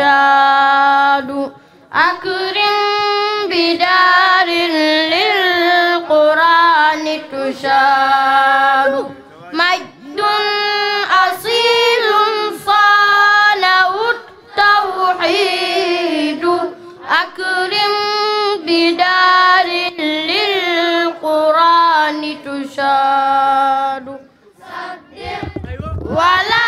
يشاد أكرم بدار للقرآن تشاد مجد أصيل صانه التوحيد أكرم بدار للقرآن تشاد صدق ولا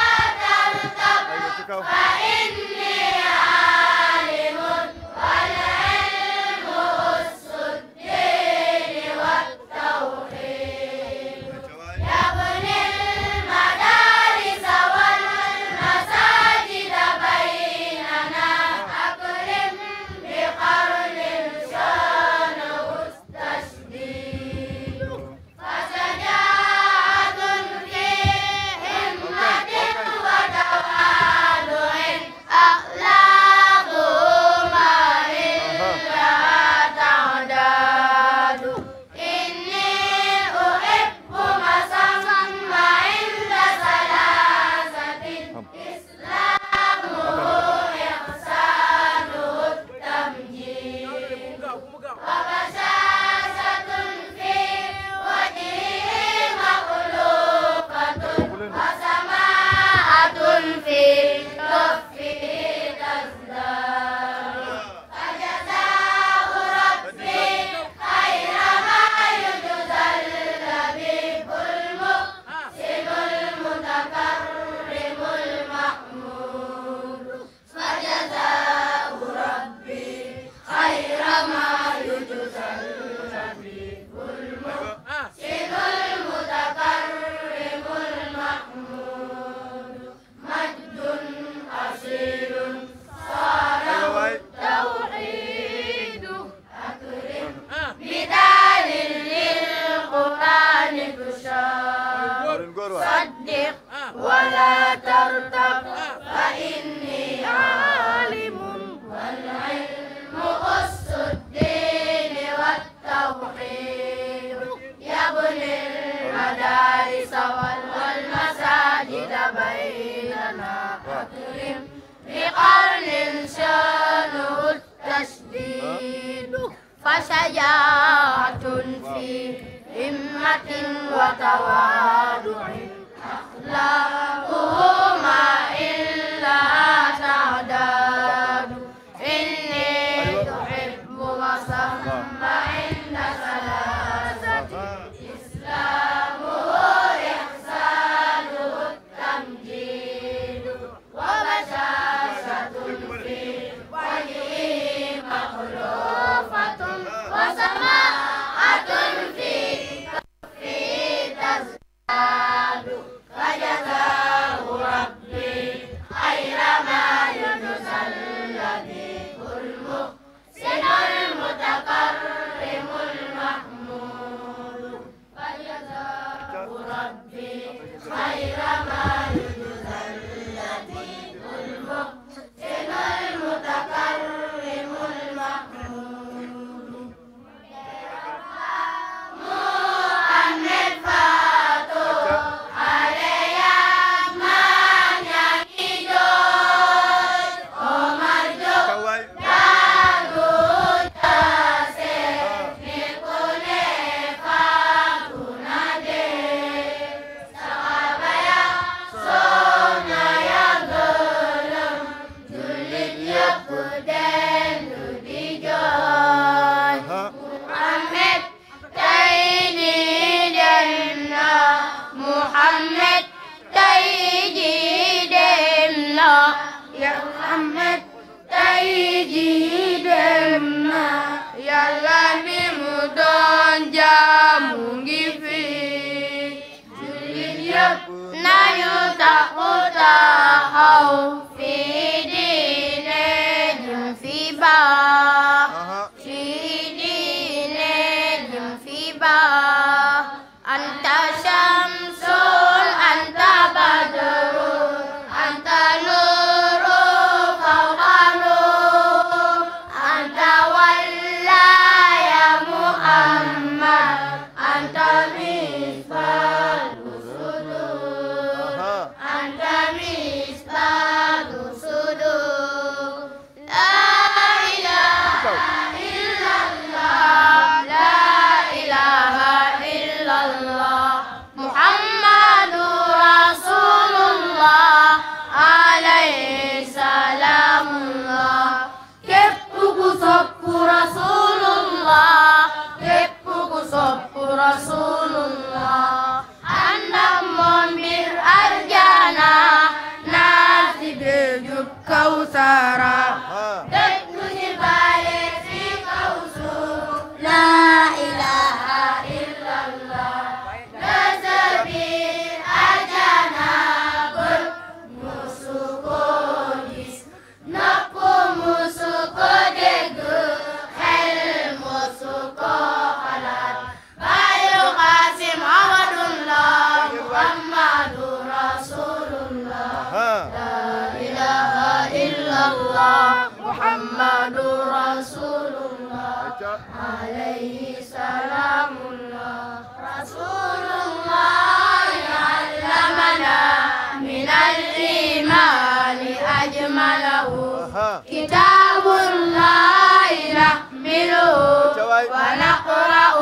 ونقرأه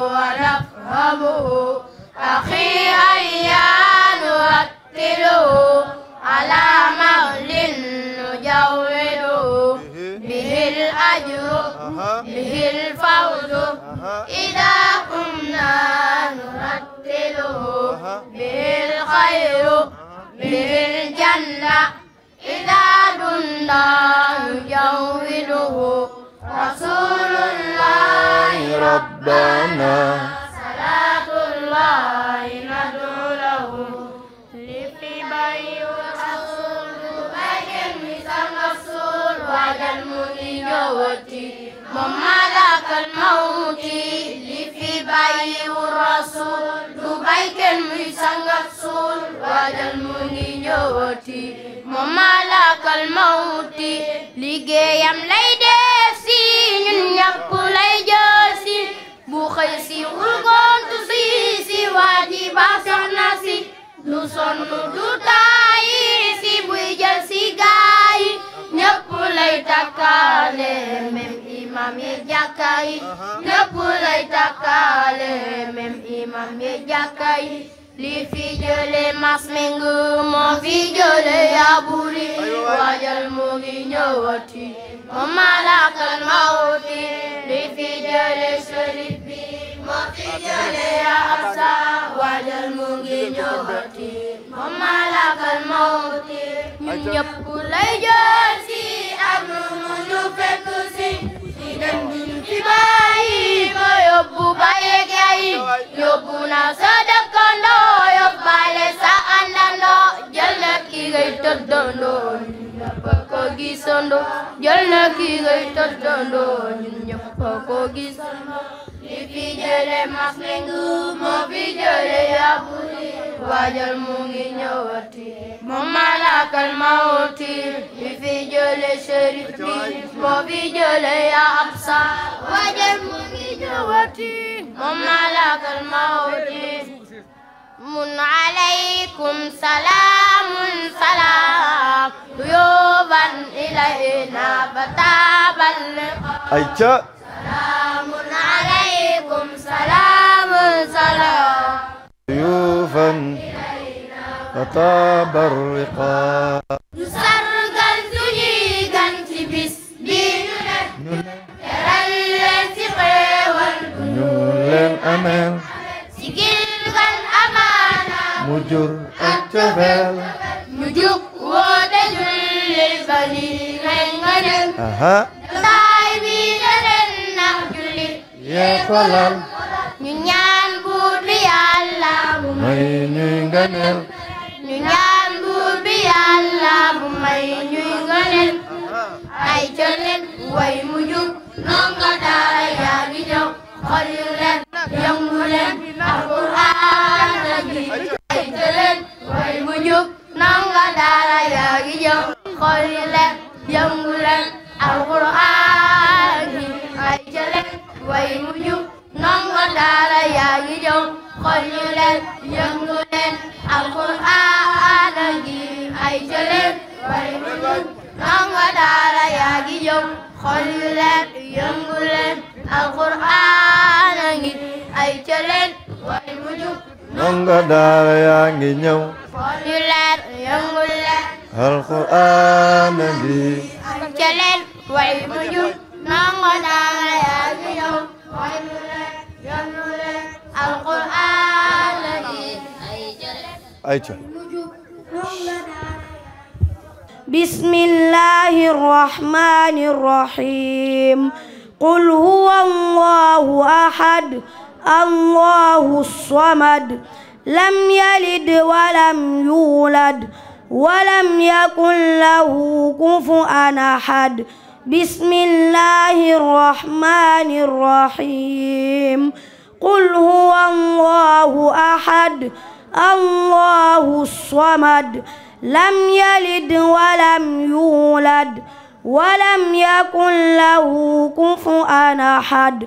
ونفهمه أخي هيا نرتله على مهل نجوده به الأجر به الفوز إذا كنا نرتله به الخير به الجنة إذا كنا نجوده rasulullahi rabbana salaatullahi nadu lahu lifi bayu rasulu bagen misal rasul wajan muni jawati mamalakal mawti lifi bayu rasul dubay muy sangat suul waajal mu ngi malakal mawti liggéeyam lay dee ñun ñëpp lay jësi bu xëy si wul gontu si si waa ji baax soxna si du sonn du taayi si buy jël si gaay yi ñëpp lay takkaale même imam yi jàkka yi ñëpp lay takkaale même imam yi jàkka yi li fi jële mas mengu moo fi jële yaa buri waajal mu ngi ñëwati وملك الموت لفجر الشريف وفجر يا أبسا وعد المجنوبة وملك الموت ñun ñëpp lay jël si ak lu mënu fekk si di dem duñ ma yóbbu bàyyi gaay yóbbu na sa dëkkandoo yóbbaale sa kii ngay mu ngi ñëwati moom malakal mawti li fi mun alaykum salaamun salaam yóoban ilayna bataabal liqaa ayca salaamun alaykum salaamun salaam yóoban ilayna bataabal liqaa ñu sargal suñuy gan ci bis bi ñu def teral leen ci xéewal ñu leen ameel mu ñu ñaan buur bi yàlla mu may ñuy nga del ñu ñaan mu may ñuy nga del ay conet way mu jug nonga daara yaa ngi jóg xolil leen yëngu te leen way yaa ngi jëm xool yi leen yëngu leen alxuraan gi ay te way bu jub nanga daara yaa ngi jëm xool yi yëngu leen alxuraan gi ay ay te way bu ndongo daara yaa ngi ñëw ñu leer yëngu leer alxuraan a ngi ca leen way mu jub ndongo daara yaa ngi ñëw way mu leer yëngu leer alxuraan a ngi ay ca bismillahi rahmani rahim qul huwa allahu ahad الله الصمد لم يلد ولم يولد ولم يكن له كفؤا أحد بسم الله الرحمن الرحيم قل هو الله أحد الله الصمد لم يلد ولم يولد ولم يكن له كفؤا أحد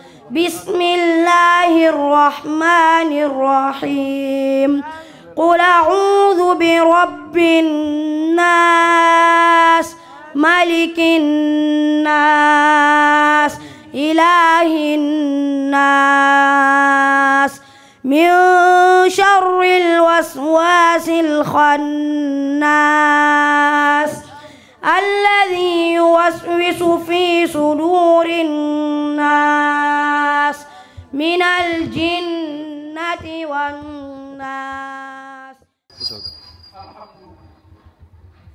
بسم الله الرحمن الرحيم قل أعوذ برب الناس ملك الناس إله الناس من شر الوسواس الخناس الذي يوسوس في صدور الناس من الجنة والناس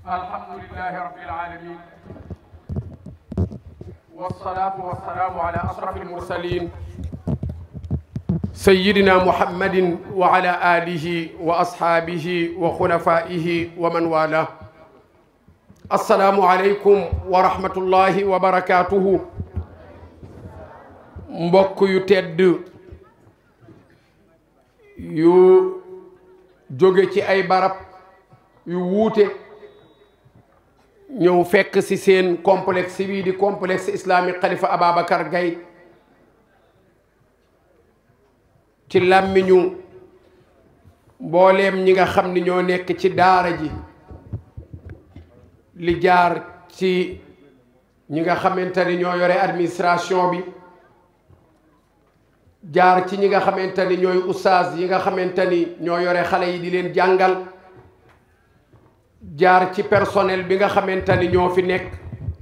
الحمد لله رب العالمين والصلاة والسلام على أشرف المرسلين سيدنا محمد وعلى آله وأصحابه وخلفائه ومن والاه asalaamualeykum wa rahmatullahi wa barakaatuhu mbokk yu tedd yu jóge ci ay barab yu wuute ñëw fekk ci seen complexe bii di complexe islamique Khalifa Ababacar Gaye ci làmmiñu mbooleem ñi nga xam ni ñoo nekk ci daara ji li jaar ci ñi nga xamante ni ñoo yore administration bi jaar ci ñi nga xamante ni ñooy ustaas yi nga xamante ni ñoo yore xale yi di leen jàngal jaar ci personnel bi nga xamante ni ñoo fi nekk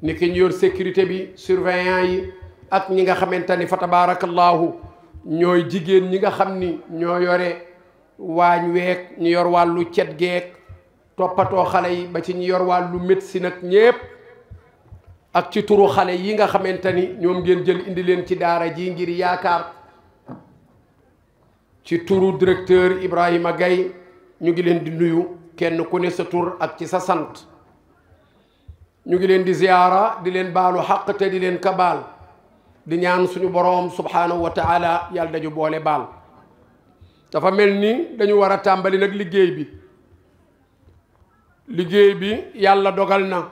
ni ki ñu yor sécurité bi surveillant yi ak ñi nga xamante ni fa tabaarakallaahu ñooy jigéen ñi nga xam ni ñoo yore waañ week ñu yor wàllu cet geek toppatoo xale yi ba ci ñu yor wàllu médecine ak ñépp ak ci turu xale yi nga xamante ni ñoom ngeen jël indi leen ci daara jii ngir yaakaar ci turu directeur Ibrahima Gaye ñu ngi leen di nuyu kenn ku ne sa tur ak ci sa sant ñu ngi leen di ziyaara di leen baalu xaq te di leen ka baal di ñaan suñu boroom subhaanahu wa taala yàlla dañu boole baal dafa mel ni dañu war a tàmbali nag liggéey bi liggéey bi yàlla dogal na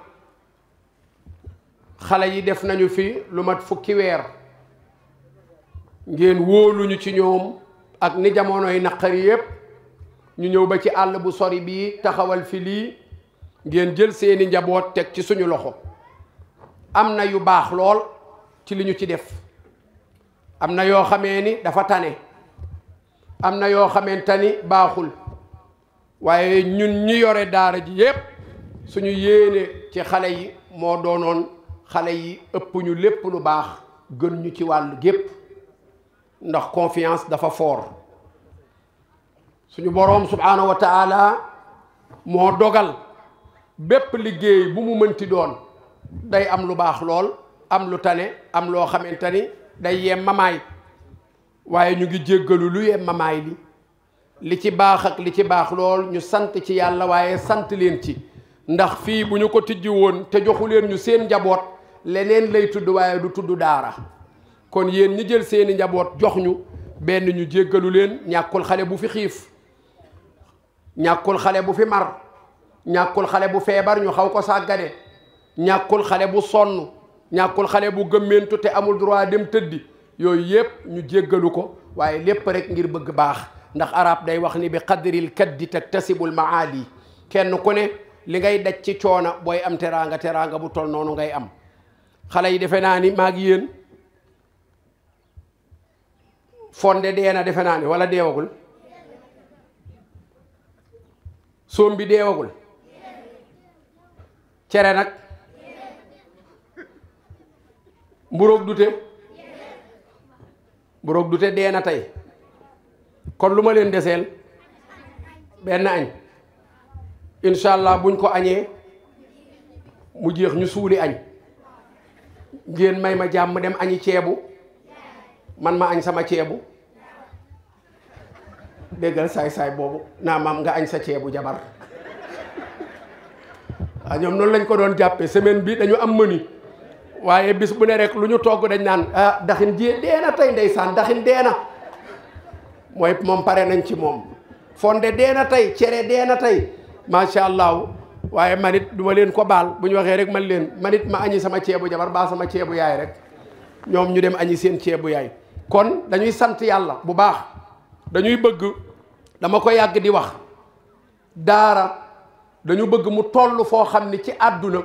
xale yi def nañu fi lu mat fukki weer ngeen wóoluñu ci ñoom ak ni jamonoy naqari yépp ñu ñëw ba ci àll bu sori bii taxawal fi lii ngeen jël seeni njaboot teg ci suñu loxo am na yu baax lool ci li ñu ci def am na yoo xamee ni dafa tane am na yoo xamante ni baaxul waaye ñun ñu yore daara ji yépp suñu yéene ci xale yi moo doonoon xale yi ëpp ñu lépp lu baax gënuñu ci wàll gépp ndax confiance dafa fort suñu boroom subhaanahu wa taala moo dogal bépp liggéey bu mu mënti doon day am lu baax lool am lu tane am loo xamante ni day yem mamaay waaye ñu ngi jéggalu lu yem mamaay li li ci baax ak li ci baax lool ñu sant ci yàlla waaye sant leen ci ndax fii bu ñu ko tijji woon te joxu leen ñu seen njaboot leneen lay tudd waaye du tudd daara kon yéen ñi jël seeni njaboot jox ñu benn ñu jéggalu leen ñàkkul xale bu fi xiif ñàkkul xale bu fi mar ñàkkul xale bu feebar ñu xaw ko sàggane ñàkkul xale bu sonn ñàkkul xale bu gëmmentu te amul droit dem tëddi yooyu yépp ñu jéggalu ko waaye lépp rek ngir bëgg baax ndax araab day wax ni bi qadril kaddi taktasibul maali kenn ku ne li ngay daj ci coona booy am teraanga teraanga bu tol noonu ngay am xale yi defe naa ni maa ngi yéen fonde deena defe naa ni wala deewagul soom bi deewagul cere nag mburoog dute mburoog dute deena tey kon lu ma leen deseel benn añ incha allah buñ ko añee mu jeex ñu suuli añ ngeen may ma jàmm dem añi ceebu man ma añ sama ceebu déggal saay-saay boobu naa maam nga añ sa ceebu jabar a ñoom noonu lañ ko doon jàppee semaine bi dañu am mëni waaye bis bu ne rek lu ñu togg dañ naan ah daxin jiyee deena tey ndeysaan daxin deena mooy moom pare nañ ci moom fonde dee na tey cere dee na tey macha allah waaye manit duma leen ko baal bu ñu waxee rek man leen manit ma añi sama ceebu jabar baa sama ceebu yaay rek ñoom ñu dem añi seen ceebu yaay kon dañuy sant yàlla bu baax dañuy bëgg dama ko yàgg di wax daara dañu bëgg mu toll foo xam ne ci àdduna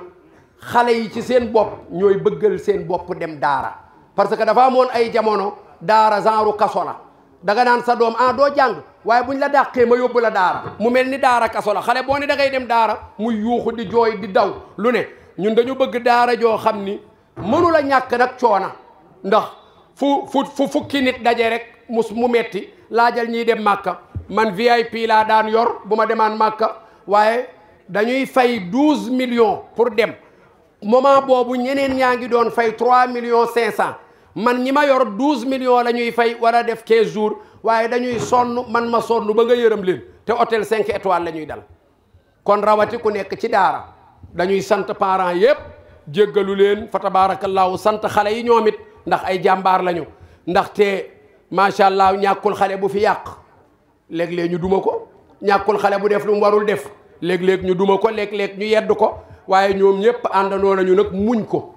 xale yi ci seen bopp ñooy bëggal seen bopp dem daara parce que dafa amoon ay jamono daara genre kaso la danga naan sa doom ah doo jàng waaye buñ la dàqee ma yóbbu la daara mu mel ni daara kaso la xale boo ne dangay dem daara muy yuuxu di jooy di daw lu ne ñun dañu bëgg daara joo xam ni mënu la ñàkk nag coona ndax fu fu fu fukki nit daje rek mu mu metti laajal ñiy dem màkka man VIP laa daan yor bu ma demaan màkka waaye dañuy fay douze millions pour dem moment boobu ñeneen ñaa ngi doon fay trois million cinq cent man ñi ma yor douze million lañuy fay war a def quinze jours waaye dañuy sonn man ma sonn ba nga yërëm leen te hôtel cinq étoiles la ñuy dal kon rawati ku nekk ci daara dañuy sant parents yépp jéggalu leen fa tabaarakallaahu sant xale yi ñoom it ndax ay jàmbaar lañu ndaxte macha allah ñàkkul xale bu fi yàq léeg ñu duma ko ñàkkul xale bu def lu mu warul def léeg-léeg ñu duma ko léeg-léeg ñu yedd ko waaye ñoom ñëpp àndandoo nañu nag muñ ko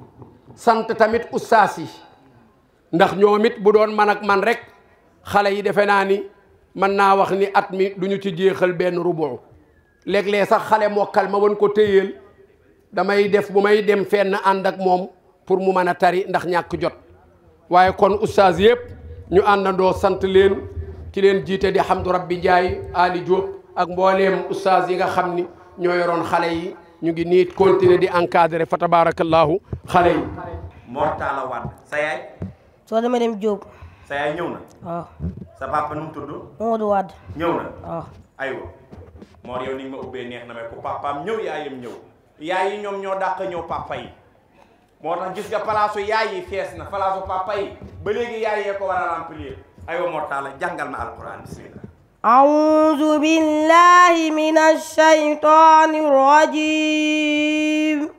sant tamit ustaas yi ndax ñoomit bu doon man ak man rek xale yi defe naa ni mën naa wax ni at mi du ñu ci jéexal benn rubu léeg sax xale mokkal ma wan ko téyeel damay def bu may dem fenn ànd ak moom pour mu mën a tari ndax ñàkk jot waaye kon oustaz yëpp ñu àndandoo sant leen ci leen jiite di Hamdou Rabby Ndiaye Ali Diop ak mbooleem oustaz yi nga xam ni ñoo yoroon xale yi ñu ngi niit continuer di encadre fa tabaarakallaahu xale yi so dama dem job sa yaay ñëw na. waaw oh. sa oh, oh. papa num tuddu Modou wad ñew na. waaw wa Mor yow ni ma ubbe neex na may ko papa papaam ñëw yaayam ñew yaay yi ñom ño dàq ñew papa yi moo tax gis nga palaasu yaay yi fess na palaasu papa yi ba legi yaay yee ko wara remplir ay wa Mor taala jangal ma alquran bismillah. أعوذ billahi من الشيطان rajim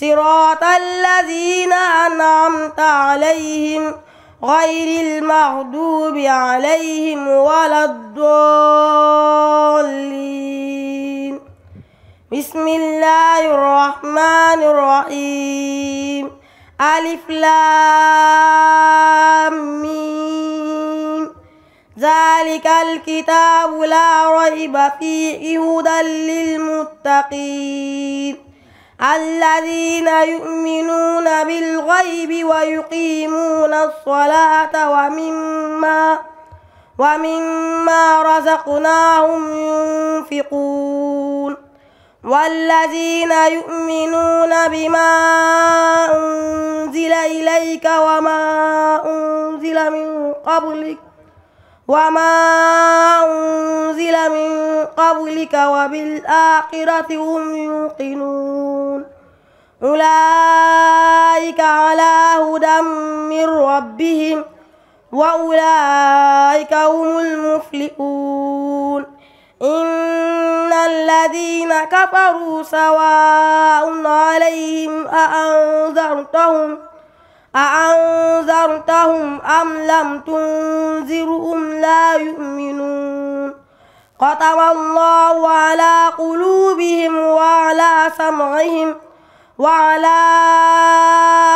صراط الذين أنعمت عليهم غير المغضوب عليهم ولا الضالين بسم الله الرحمن الرحيم ألف لام ميم ذلك الكتاب لا ريب فيه هدى للمتقين الذين يؤمنون بالغيب ويقيمون الصلاة ومما ومما رزقناهم ينفقون والذين يؤمنون بما أنزل إليك وما أنزل من قبلك وما أنزل من قبلك وبالآخرة هم يوقنون أولئك على هدى من ربهم وأولئك هم المفلحون إن الذين كفروا سواء عليهم أأنذرتهم ۖ أأنذرتهم أم لم تنذرهم لا يؤمنون قتل الله على قلوبهم وعلى سمعهم وعلى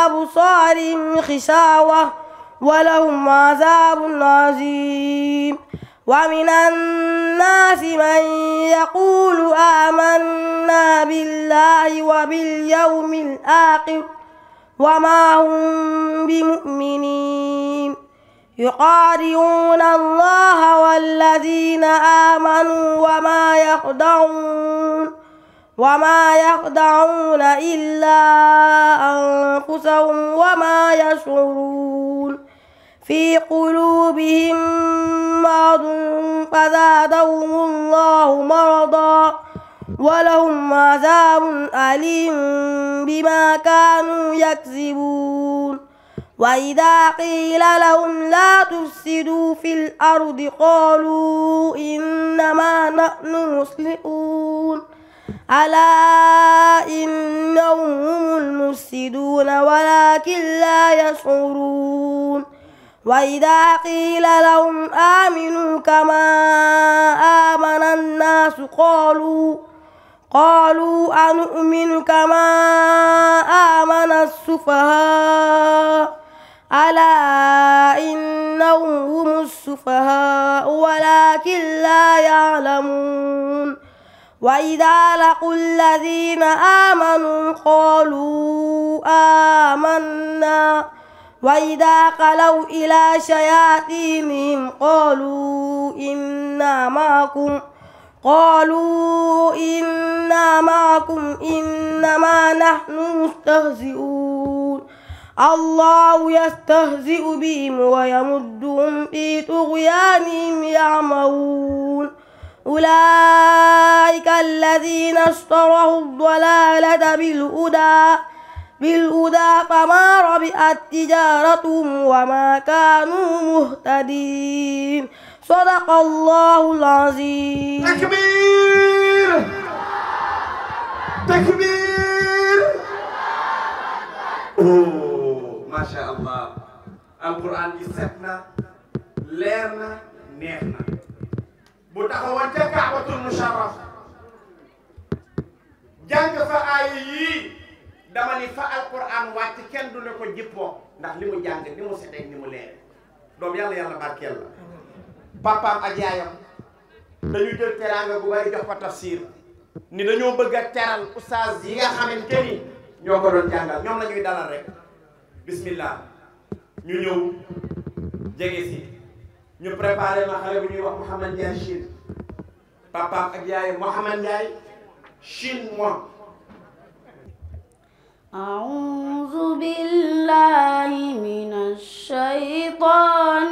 أبصارهم خشاوة ولهم عذاب عظيم ومن الناس من يقول آمنا بالله وباليوم الآخر وما هم بمؤمنين يقارعون الله والذين آمنوا وما يخدعون وما يخدعون إلا أنفسهم وما يشعرون في قلوبهم مرض فزادهم الله مرضاً ولهم عذاب أليم بما كانوا يكذبون وإذا قيل لهم لا تفسدوا في الأرض قالوا إنما نحن مصلحون ألا إنهم هم المفسدون ولكن لا يشعرون وإذا قيل لهم آمنوا كما آمن الناس قالوا قالوا أنؤمن كما آمن السفهاء ألا إنهم هم السفهاء ولكن لا يعلمون وإذا لقوا الذين آمنوا قالوا آمنا وإذا خلوا إلى شياطينهم قالوا إنا معكم ۖ قالوا إنا معكم إنما نحن مستهزئون الله يستهزئ بهم ويمدهم في طغيانهم يعمرون أولئك الذين اشتروا الضلالة بالهدى بالهدى فما ربحت تجارتهم وما كانوا مهتدين Sadaqallahul azim. Takbir. Takbir. Oh, Masya Allah. Al-Quran ji set na Buta na neex na bu taxawoon ca kaabatul musharraf jàng fa aaya yii dama ni fa alquran wàcc kenn du ne ko jippoo ndax li mu jàng ni mu setee ni mu leer doom yàlla yàlla barkeel la papaam ak yaayam dañu jël teraanga bu bari jox ko tafsir ni dañoo bëgg a teral oustaz yi nga xamante ni ñoo ko doon ñoom la ñuy rek bismillah ñu ñëw jege ñu préparé ma xale bu ñuy wax Mouhamad Ndiaye Chine papaam ak yaayam Mouhamad Ndiaye Chine moom أعوذ بالله من الشيطان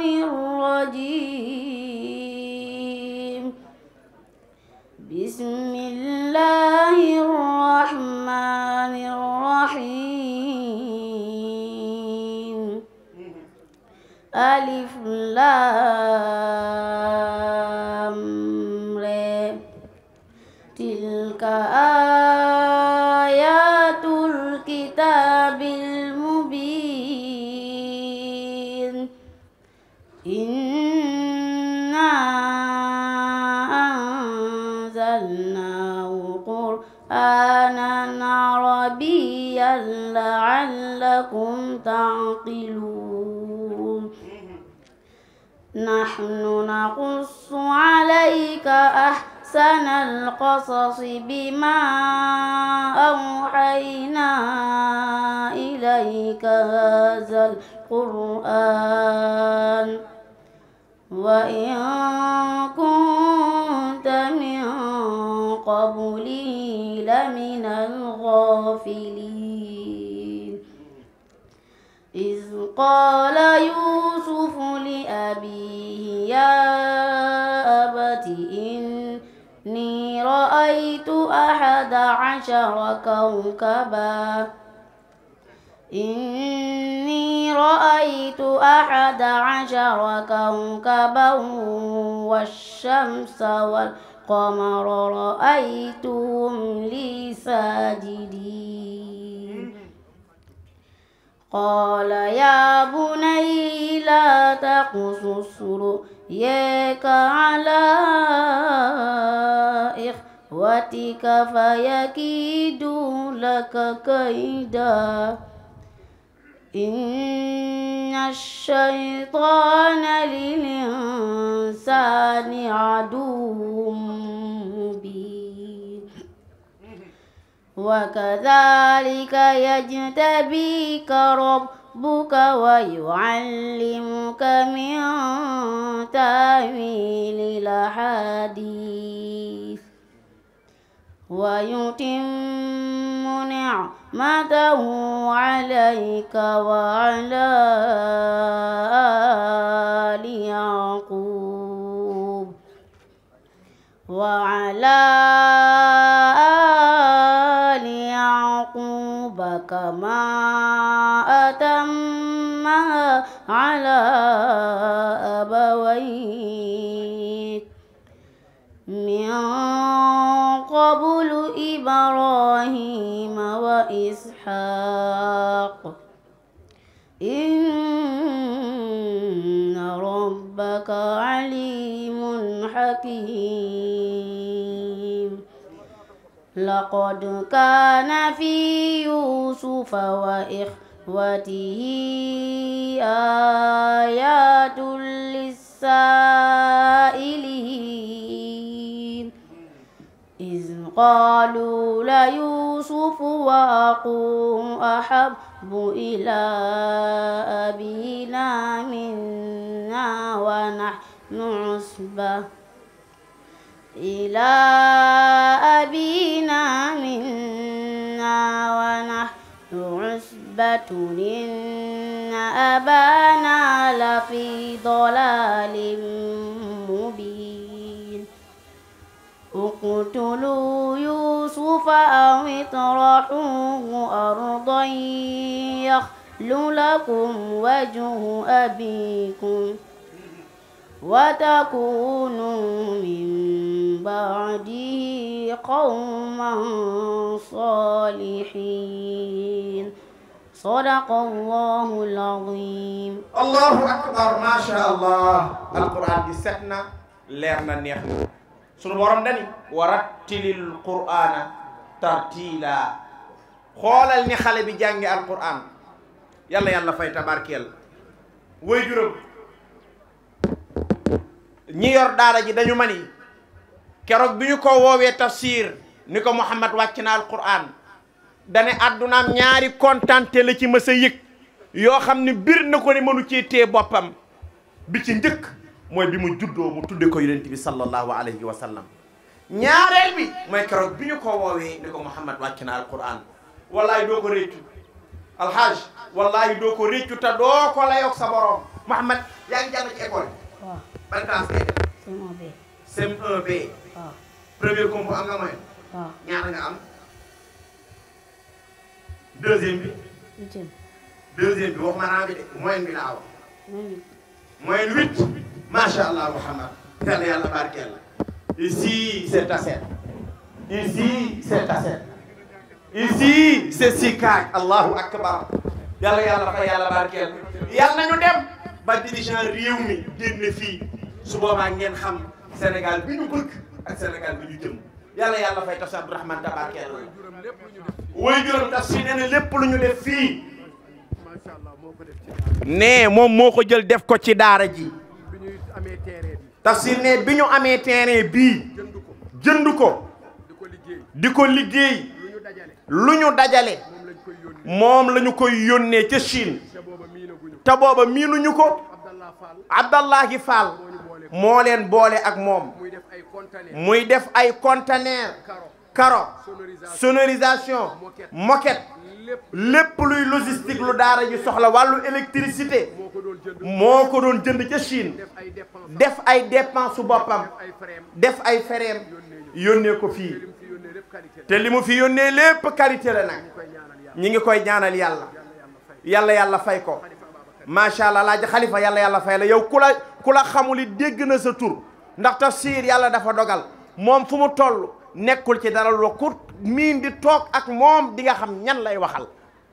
بسم الله الرحمن الرحيم ألف لام تلك آية لعلكم تعقلون نحن نقص عليك أحسن القصص بما أوحينا إليك هذا القرآن وإن كنت من قبلي لمن الغافلين إذ قال يوسف لأبيه يا أبت إني رأيت أحد عشر كوكباً إني رأيت أحد عشر كوكبا والشمس والقمر رأيتهم لي ساجدين قال يا بني لا تقصص رؤياك على إخوتك فيكيدوا لك كيداً إن الشيطان للإنسان عدو مبين وكذلك يجتبيك ربك ويعلمك من تأويل الأحاديث ويتم نعمته عليك وعلى آل يعقوب وعلى آل يعقوب كما أتمها على أبويه إبراهيم وإسحاق إن ربك عليم حكيم لقد كان في يوسف وإخوته آيات للسائلين قالوا ليوسف وأقوه أحب إلى أبينا منا ونحن عصبة إلى أبينا منا ونحن عصبة إن أبانا لفي ضلال اقتلوا يوسف أو اطرحوه أرضا يخل لكم وجه أبيكم وتكونوا من بعده قوما صالحين صدق الله العظيم الله أكبر ما شاء الله القرآن دي سحنا نحن sunu borom dani waratilil qur'ana tartila xolal ni xale bi jangi alquran yalla Yalla fay tabarkel way juróom ñi yor daara ji dañu mani kérok biñu ko wowe tafsir niko Muhammad waccina al alquran dane addunaam ñaari contenté la ci mësa a yo xamni bir nako ni mënu ci té bopam bi ci ndëk mooy bi mu juddoo mu tudde ko yonent bi sallallahu alayhi wa sallam bi mooy keroog bi ñu ko woowee ni ko Muhammad wàcc na alquran wallahi doo ko réccu alhaaj wallahi doo ko réccu te doo ko layoog sa borom Muhammad yaa ngi jàng ci école waaw ban classe ngay bi deuxième bi bi de moyenne bi laa macha allah Mouhamad yàlla yàlla barkeel la. ici c'est Tassette. ici c'est Tassette. ici c'est Sikaaj allahu akbar yàlla yàlla fa yàlla barkeel yàlla nañu dem ba dirigeant réew mi génn fii su boobaa ngeen xam Sénégal bi ñu bëgg ak Sénégal bi ñu jëm yàlla yàlla fay taf si Abdourahmane ta barkeel la woy juróom taf si nee na lépp lu ñu def fii ne moom moo ko jël def ko ci daara ji tafsir ne bi ñu amee terrain bii jënd ko di ko liggéey lu ñu dajale moom la ñu koy yónnee ca Chine te booba ñu ko Abdallahi Fall moo leen boole ak moom muy def ay conteneur karo sonorisation moquette lépp luy logistique lu daara ji soxla wàllu électricité moo ko doon jënd ca Chine def ay dépense su boppam def ay fereem yónnee ko fii te li mu fi yónnee lépp karité la nag ñi ngi koy ñaanal yàlla yàlla yàlla fay ko macha allah laaj xalifa yàlla yàlla fay la yow ku la ku la xamuli dégg na sa tur ndax tafsir yàlla dafa dogal moom fu mu toll nekkul ci dara lu ko miin di toog ak moom di nga xam ñan lay waxal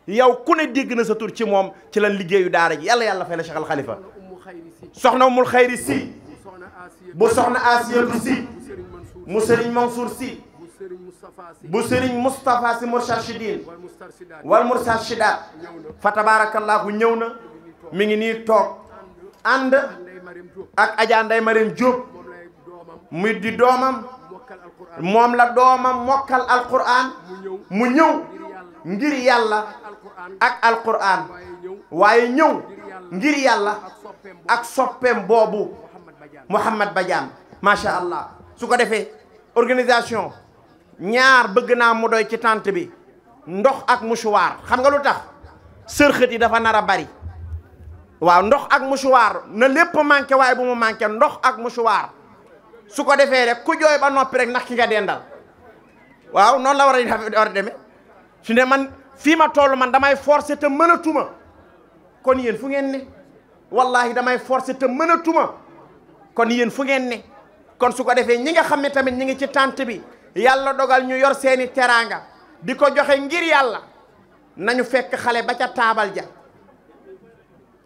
yow ku ne dégg na sa tur ci moom ci lan liggéeyu daara ji yàlla yàlla fay la Cheikh Al Khalifa soxna umul xayri si bu soxna asiyatu si mu sëriñ Mansour si bu sëriñ Moustapha si murshidin wal murshidaat fa tabaarakallaahu ñëw na mi ngi nii toog ànd ak Adja Ndeye Mariam muy di doomam moom la doomam mokkal alquran mu ñëw ngir yàlla ak alquran waaye ñëw ngir yàlla ak soppeem boobu Mouhamad Badiane macha allah su ko defee organisation ñaar bëgg naa mu doy ci tànt bi ndox ak mouchoir xam nga lu tax sërxët yi dafa nar a bari waaw ndox ak mouchoir na lépp manqué waaye bu mu manqué ndox ak mouchoir su ko defee rek ku jooy ba noppi rek ndax ki nga daal waaw noonu la war a war a demee su ne man fii ma toll man damay forcer te mënatuma kon yéen fu ngeen ne damay forcer te mënatuma kon yéen fu ngeen ne kon su ko defee ñi nga xam ne tamit ñi ngi ci tànt bi yàlla dogal ñu yor seeni teraanga di ko joxe ngir yàlla nañu fekk xale ba ca taabal ja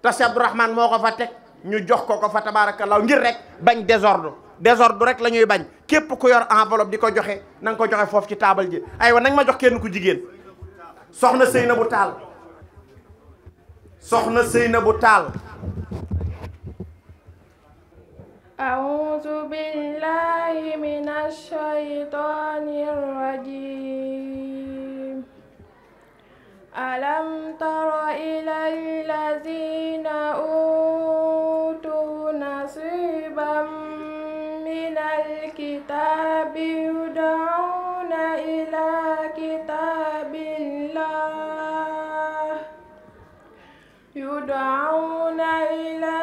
tasi Abdourahman moo ko fa teg ñu jox ko ko fa tabaarakallaahu ngir rek bañ désordre désordre rek lañuy ñuy bañ képp ku yor enveloppe di ko joxe na ko joxe foofu ci taabal ji aywa nañ ma jox kenn ku jigéen soxna Seynabou Tall soxna Seynabou Tall أعوذ بالله من الشيطان الرجيم ألم تر إلى الذين أوتوا نصيبا من الكتاب يدعون إلى كتاب الله يدعون إلى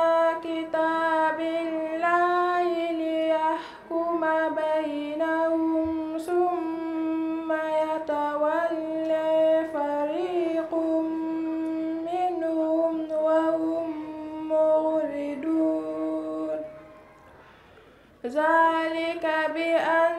ذلك بأن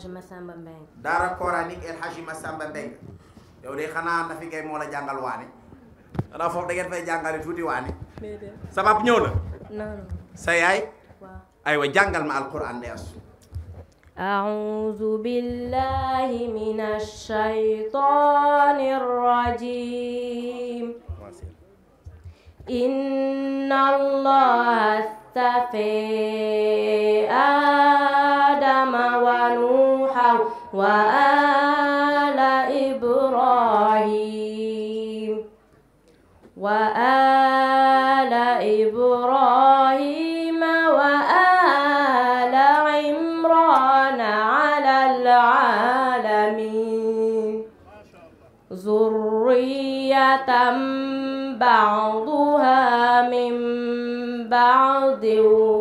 Dar Quranik Elhaji Masam Bembeng. Dia ya udah kanan nafika mau lagi janggal wani. Anak forket lagi janggal itu di wani. Sabar piono. Nono. Nah. Sayai? Wah. Ayo janggal ma al Qur'an ya su. Amin. Inna Allahu bi lillahi min al shaitanir rajim. Inna Allahu sstefa adama wanu وآل إبراهيم وآل إبراهيم وآل عمران على العالمين ذرية بعضها من بعض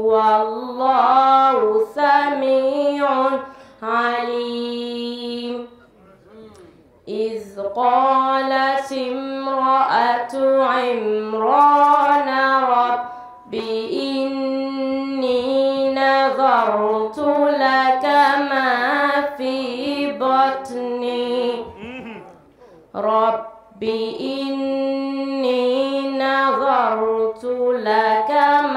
والله سميع عليم إذ قالت امرأة عمران رب إني نظرت لك ما في بطني رب إني نظرت لك ما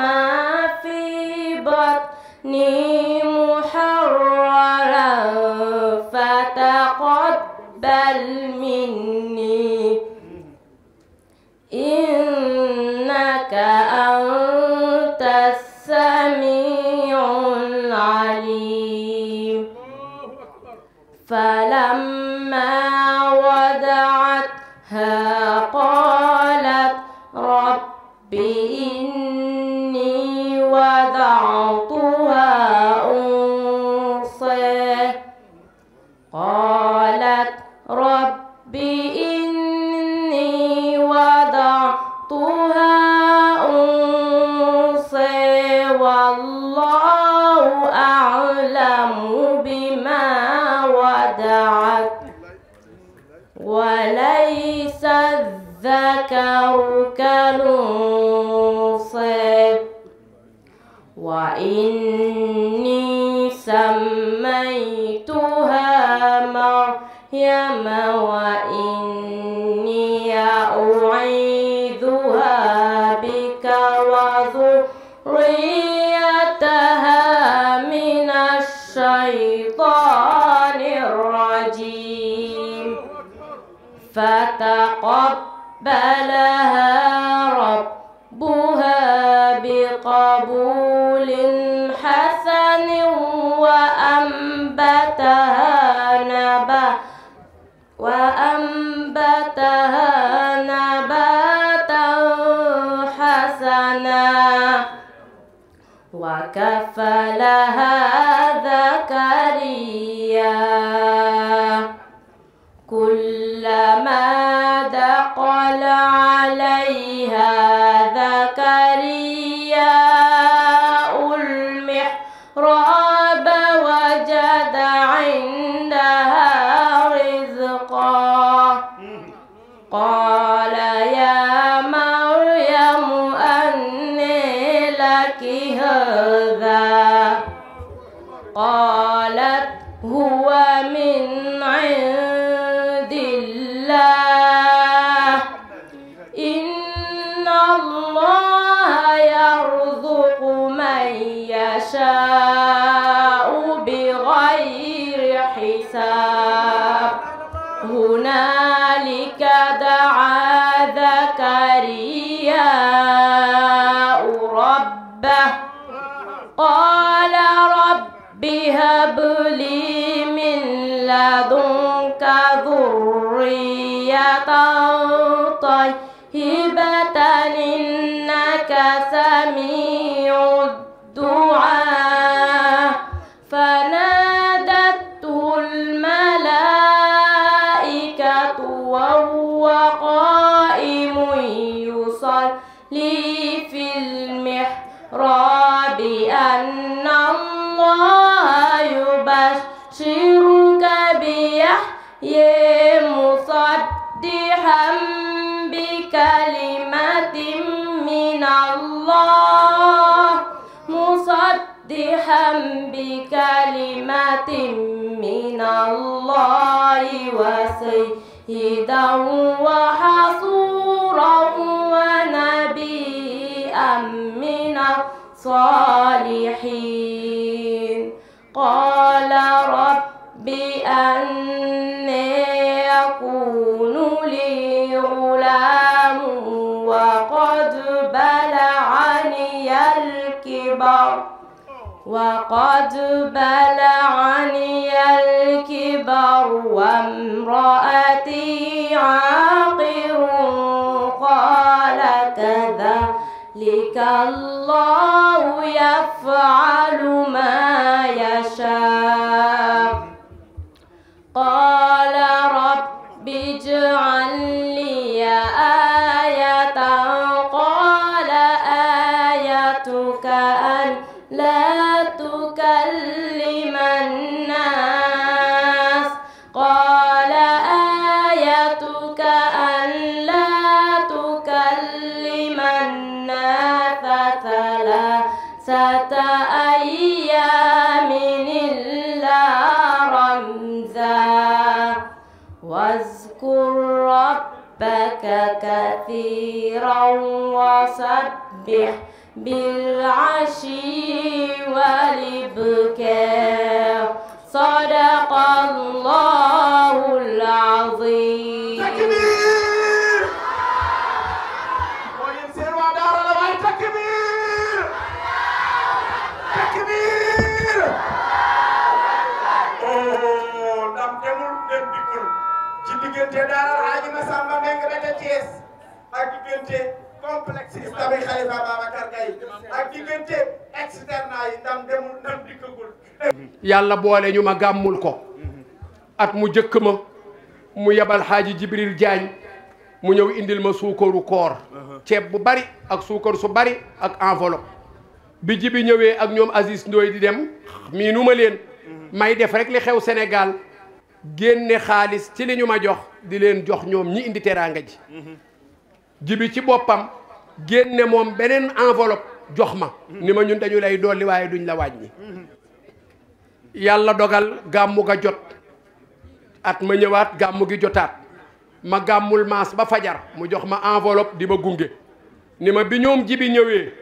فلما ذكرك نصب وإني سميتها مريم وإني قبلها ربها بقبول حسن وأنبتها نبا وأنبتها نباتا حسنا وكفلها كلمة من الله وسيدا وحصورا ونبيا من الصالحين قال رب أن يكون لي غلام وقد بلعني الكبر وقد بلعني الكبر وامرأتي عاقر قال كذلك الله يفعل ما يشاء قال رب اجعل لي ربك كثيرا وسبح بالعشي والإبكار صدق الله العظيم ca yàlla boole ñu ma gàmmul ko at mu jëkk ma mu yebal xaaji Jibril Diagne mu ñëw indil ma suukaru koor ceeb bu bari ak suukar su bari ak enveloppe bi ji bi ñëwee ak ñoom Aziz Ndoye di dem miinu ma leen may def rek li xew Sénégal génne xaalis ci li ñu ma jox di leen jox ñoom ñi indi teraanga ji jibi ci boppam génne moom beneen enveloppe jox ma mhm. ni ma ñun dañu lay dolli waaye duñ la wàññi mhm. yàlla dogal gàmmu ga jot at ma ñëwaat gàmmu gi jotaat ma gàmmul maas ba fajar mu jox ma enveloppe di ma gunge ni ma bi ñoom jibi ñëwee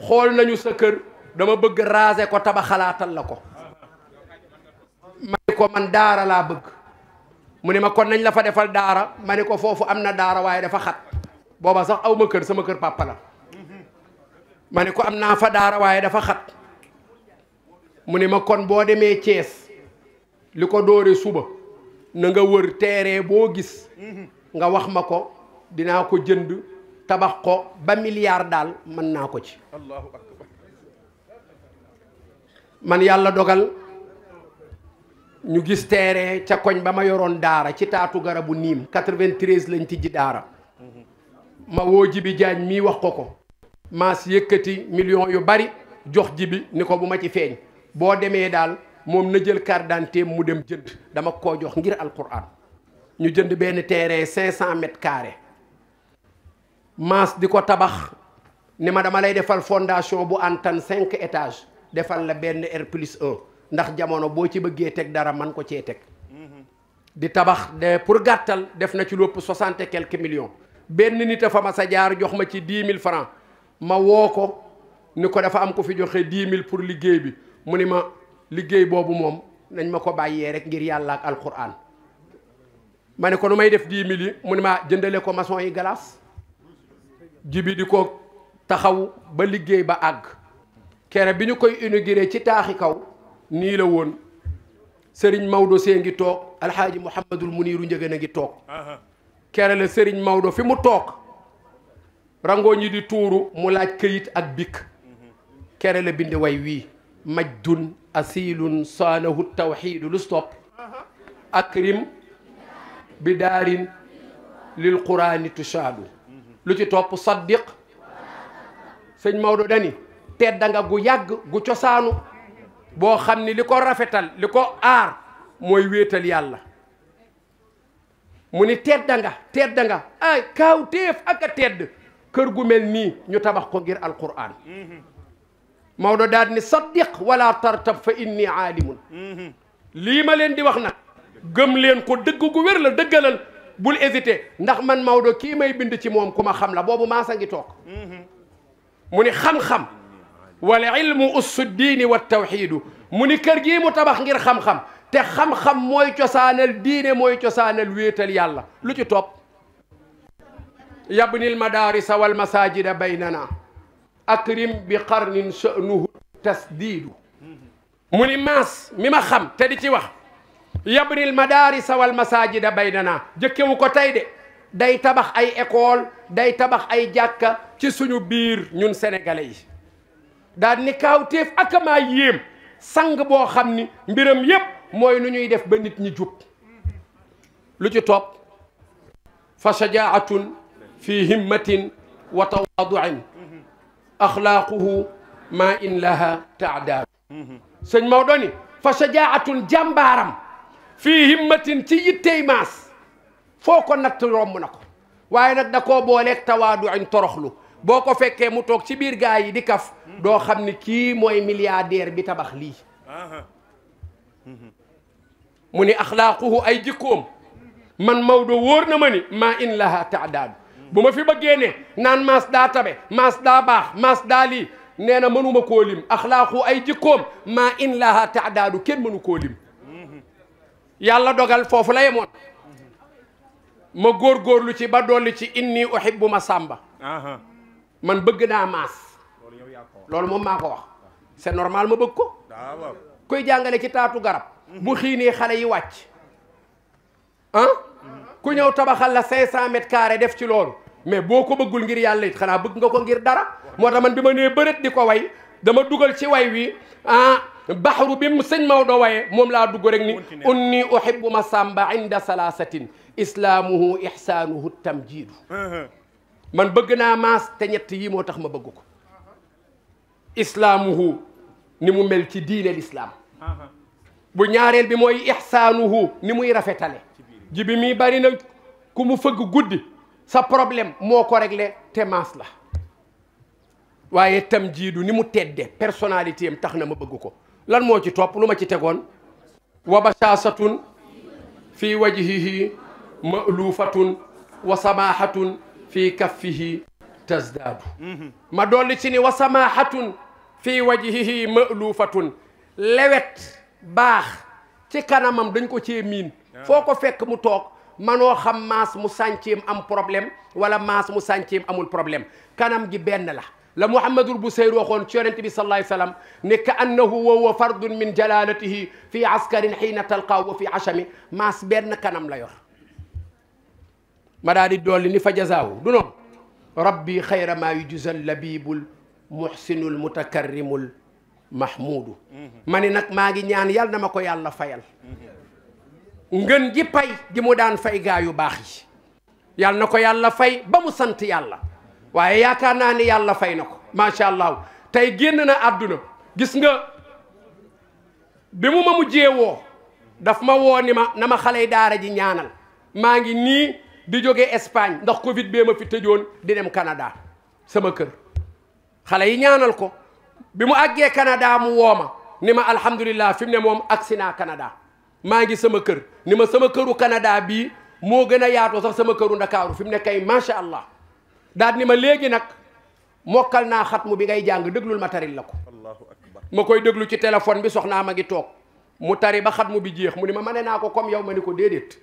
xool nañu sa kër dama bëgg raser ko xalaatal la ko ko man daara laa bëgg mu ne ma kon nañ la fa defal daara ma ne ko foofu am na daara waaye dafa xat booba sax aw ma kër sama kër papa ma ne ko am naa fa daara waaye dafa xat mu ne ma kon boo demee Thiès li ko dóore suba na nga wër terrain boo gis nga wax ma ko dinaa ko jënd tabax ko ba milliard daal mën naa ko ci man yàlla dogal ñu gis teere ca koñ ba ma yoroon daara ci taatu garabu niim 93 lañ tijji daara ma woo jibi jaañ mi wax ko ko maas yëkkati million yu bari jox jibi ni ko bu ma ci feeñ boo demee daal moom na jël carte d'identité mu dem jënd dama koo jox ngir alquran ñu jënd benn terrain 500 mètres carrés maas di ko tabax ni ma dama lay defal fondation bu antan cinq étages defal la benn R plus ndax jamono boo ci bëggee teg dara man ko cee teg mhm. di tabax de pour gàttal def na ci lépp soixante et quelques millions benn nit a fa ma sa jaar jox ma ci dix mille francs ma woo ko ni ko dafa am ko fi joxe dix mille pour liggéey bi mu ne ma liggéey boobu moom nañ ma ko bàyyee rek ngir yàlla ak alquran ma ne ko nu may def dix mille yi mu ni ma jëndale yi galaas jibi di ko taxaw ba liggéey ba àgg kere bi ñu koy inauguré ci taaxi kaw nii la woon sëriñ Maodo see ngi toog alxaaji Mouhamadul Muniiru Njëgën a ngi toog kere la sëriñ Maodo fi mu toog rango ñi di tuuru mu laaj këyit ak bikk kere la bind way wii majdun asilun saanahu tawxiidu lu stop akrim bi daarin lil quraani tushaadu lu ci topp saddiq sëñ Maodo dani tedda nga gu yàgg gu cosaanu bo xamni liko rafetal liko ar moy wetal yàlla muni tedda nga tedda nga ay kaw téef ak tedd keur gu mel nii ñu tabax ko ngir alquran mawdo dad ni saddiq wala tartab fa inni alim li ma len di wax nak gëm len ko dëgg gu wér la dëggalal bul hésiter ndax man mawdo ki may bind ci mom kuma xam la bobu ma sangi tok muni xam-xam والعلم الصدين والتوحيد من كرجي متبخ غير خم خم تخم خم موي تشسان الدين موي تشسان الويتال يالا لوتي توب يبني المدارس والمساجد بيننا اكرم بقرن شأنه تسديد من الناس مما خم تديتي واخ يبني المدارس والمساجد بيننا جكي وكو تاي داي تبخ اي ايكول داي تبخ اي جاكا تي سونو بير نون سنغالي daal ni kaawteef aka maa yéem sang bo xamni mbiram yeb moy nu ñuy def ba nit ñi jup lu ci top fa shajaatun fi himmatin wa tawaaduin akhlaquhu ma in laha ta'dab sëñ mawdoni fa shajaatun jambaram fi himmatin ci yittey mas foko nat rom nako waye nak dako bolek tawadu'in toroxlu boo ko fekkee mu toog ci biir gaa yi di kaf doo xam ni kii mooy milliardaire bi tabax lii mu ni axlaaquhu ay jikkoom man Maodo wóor na ma ni maa in laha taadaadu bu ma fi bëggee ne naan maas daa tabe maas daa baax maas daa lii nee na mënuma koo lim ay jikkoom maa in laha taadaadu kenn mënu koo lim dogal foofu la yemoon ma góorgóorlu ci ba dolli ci inni uhibbu ma sàmba man bëgg naa maas loolu moom maa ko wax c'est normal ma bëgg ko kuy jàngale ci taatu garab bu xiinee xale yi wàcc ku ñëw tabaxal la cinq cent def ci loolu mais boo ko bëggul ngir yàlla it xanaa bëgg nga ko ngir dara moo tax man bi ma nee bërët di ko way dama dugal ci way wi ah baxru bi mu sëñ Maodo waye moom laa dugg rek ni unni uhibbu Masamba inda salasatin islaamuhu ihsaanuhu tamjiidu man bëgg naa maas te ñett yi moo tax ma bëgg ko islaamuhu ni mu mel ci diine lislaam bu ñaareel bi mooy ixsaanuhu ni muy rafetale ji bi bari na ku mu fëgg guddi sa problème moo ko réglé te maas la waaye tam jiidu ni mu tedde personnalité am tax na ma bëgg ko lan moo ci topp lu ma ci tegoon wa bashaasatun fi wajhihi ma'luufatun wa samaahatun في كفه تزداد ما دولتني وسماحة في وجهه مألوفة لوت باخ تكنا مم دنكو تي مين فوكو فك مو توك مانو خام ماس مو سانتيم ام بروبليم ولا ماس مو سانتيم امول بروبليم كانام جي بن لا لا محمد البصير وخون تيرنتي بي صلى الله عليه وسلم نكانه هو فرد من جلالته في عسكر حين تلقاه في عشم ماس بن كانام لا يور ma daal di dolli ni fa jazaahu du noonu rabbi xayra maa yujzal labibul muhsinul mutakarrimul mahmudu ma ni nag maa ngi ñaan yàlla na ma ko yàlla fayal ngën ji pay ji mu daan fay gaa yu baax yi yàlla na ko yàlla fay ba mu sant yàlla waaye yaakaar naa ni yàlla fay na ko macha allah tey génn na àdduna gis nga bi mu ma mujjee woo daf ma woo ni ma na ma xale daara ji ñaanal maa ngi nii di jóge Espagne ndax Covid bee ma fi tëjoon di dem Canada sama kër xale yi ñaanal ko bi mu àggee Canada mu wooma ni ma alhamdulilah fi mu ne moom agsi naa Canada maa ngi sama kër ni ma sama këru Canada bii moo gën a yaatoo sax sama këru ndakaaru fi mu ne kay macha allah daal ni ma léegi nag mokkal naa xat mu bi ngay jàng déglul ma taril la ko. ma koy déglu ci téléphone bi soxnaa ma ngi toog mu tari ba xat mu bi jeex mu ni ma mane naa ko comme yow ma ni ko déedéet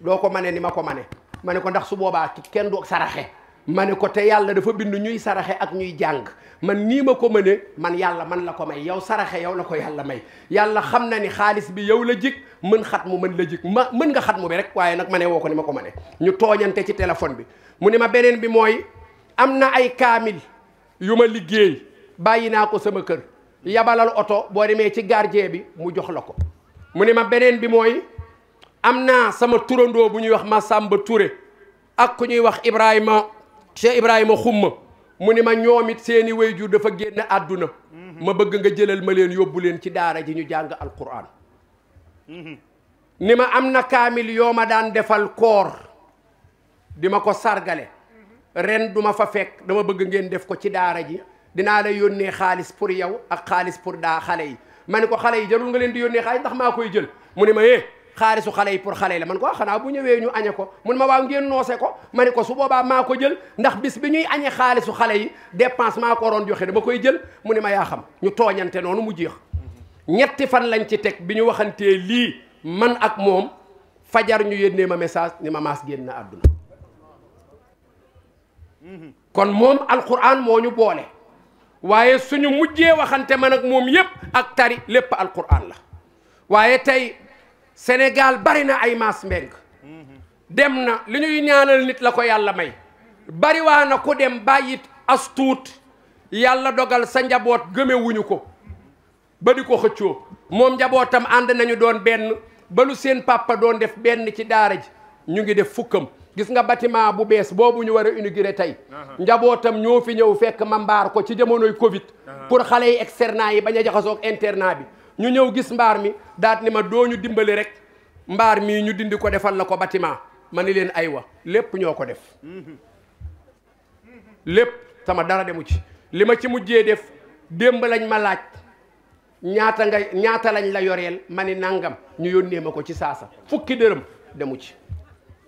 doo ko mane ni ma ko mane. ma ne ko ndax su boobaa kenn du saraxe ma ne ko te yàlla dafa bind ñuy saraxe ak ñuy jàng man nii ma ko mëne man yàlla man la ko may yow saraxe yow la ko yàlla may yàlla xam na ni xaalis bi yow la jik mën xat mu mën la jik ma mën nga xat mu bi rek waaye nag ma ne woo ko ni ma ko mëne ñu tooñante ci téléphone bi mu ne ma beneen bi mooy am na ay kaamil yu ma liggéey bàyyi naa ko sama kër yabalal oto boo demee ci gardien bi mu jox la ko mu ne ma am naa sama turandoo bu ñuy wax Massamba Touré ak ku ñuy wax Ibrahima Cheikh Ibrahima Xumma mu ni ma ñoom it seeni jur dafa génn àdduna ma bëgg nga jëlal ma leen yóbbu leen ci daara ji ñu jàng alquran ni ma am na kaamil yoo ma daan defal koor di ma ko sargale ren duma fa fekk dama bëgg ngeen def ko ci daara ji dinaa la yónnee xaalis pour yow ak xaalis pour daa xale yi ma ne ko xale yi jarul nga leen di yónnee xaalis ndax maa koy jël mu ne ma eh, xaalisu xale yi pour xale yi la man ko xanaa bu ñëwee ñu añe ko mun ma waaw ngeen noose ko ma ne ko su boobaa maa ko jël ndax bis bi ñuy añe xaalisu xale yi dépense maa ko waroon joxe dama koy jël mu ne ma yaa xam ñu tooñante noonu mu jeex ñetti fan lañ ci teg bi ñu waxantee lii man ak moom fajar ñu yónnee ma message ni ma maas génn na àdduna kon moom alquran moo ñu boole waaye suñu mujjee waxante man ak moom yépp ak tari lépp alquran la waaye tey Sénégal bari na ay maas mbenk dem na li ñuy ñaanal nit la ko yàlla may bari waa na ku dem bàyyit as tuut yàlla dogal sa njaboot gëmewuñu ko ba di ko xëccoo moom njabootam ànd nañu doon benn balu lu seen papa doon def benn ci daara ji ñu ngi def fukkam gis nga bâtiment bu bees boobu ñu war a inauguré tey uh-huh. njabootam ñoo fi ñëw fekk ma mbaar ko ci jamonoy Covid uh-huh. pour xale yi externat yi bañ a jaxasoog internat bi ñu ñëw gis mbaar mi daat ni ma doo ñu dimbali rek mbaar mii ñu dindi ko defal la ko bâtiment ma ni leen ay aywa lépp ñoo ko def lépp sama dara demu ci li ma ci mujjee def démb lañ ma laaj ñaata nga ñaata lañ la yoreel ma ni nangam ñu yónnee ma ko ci saasa fukki dërëm demu ci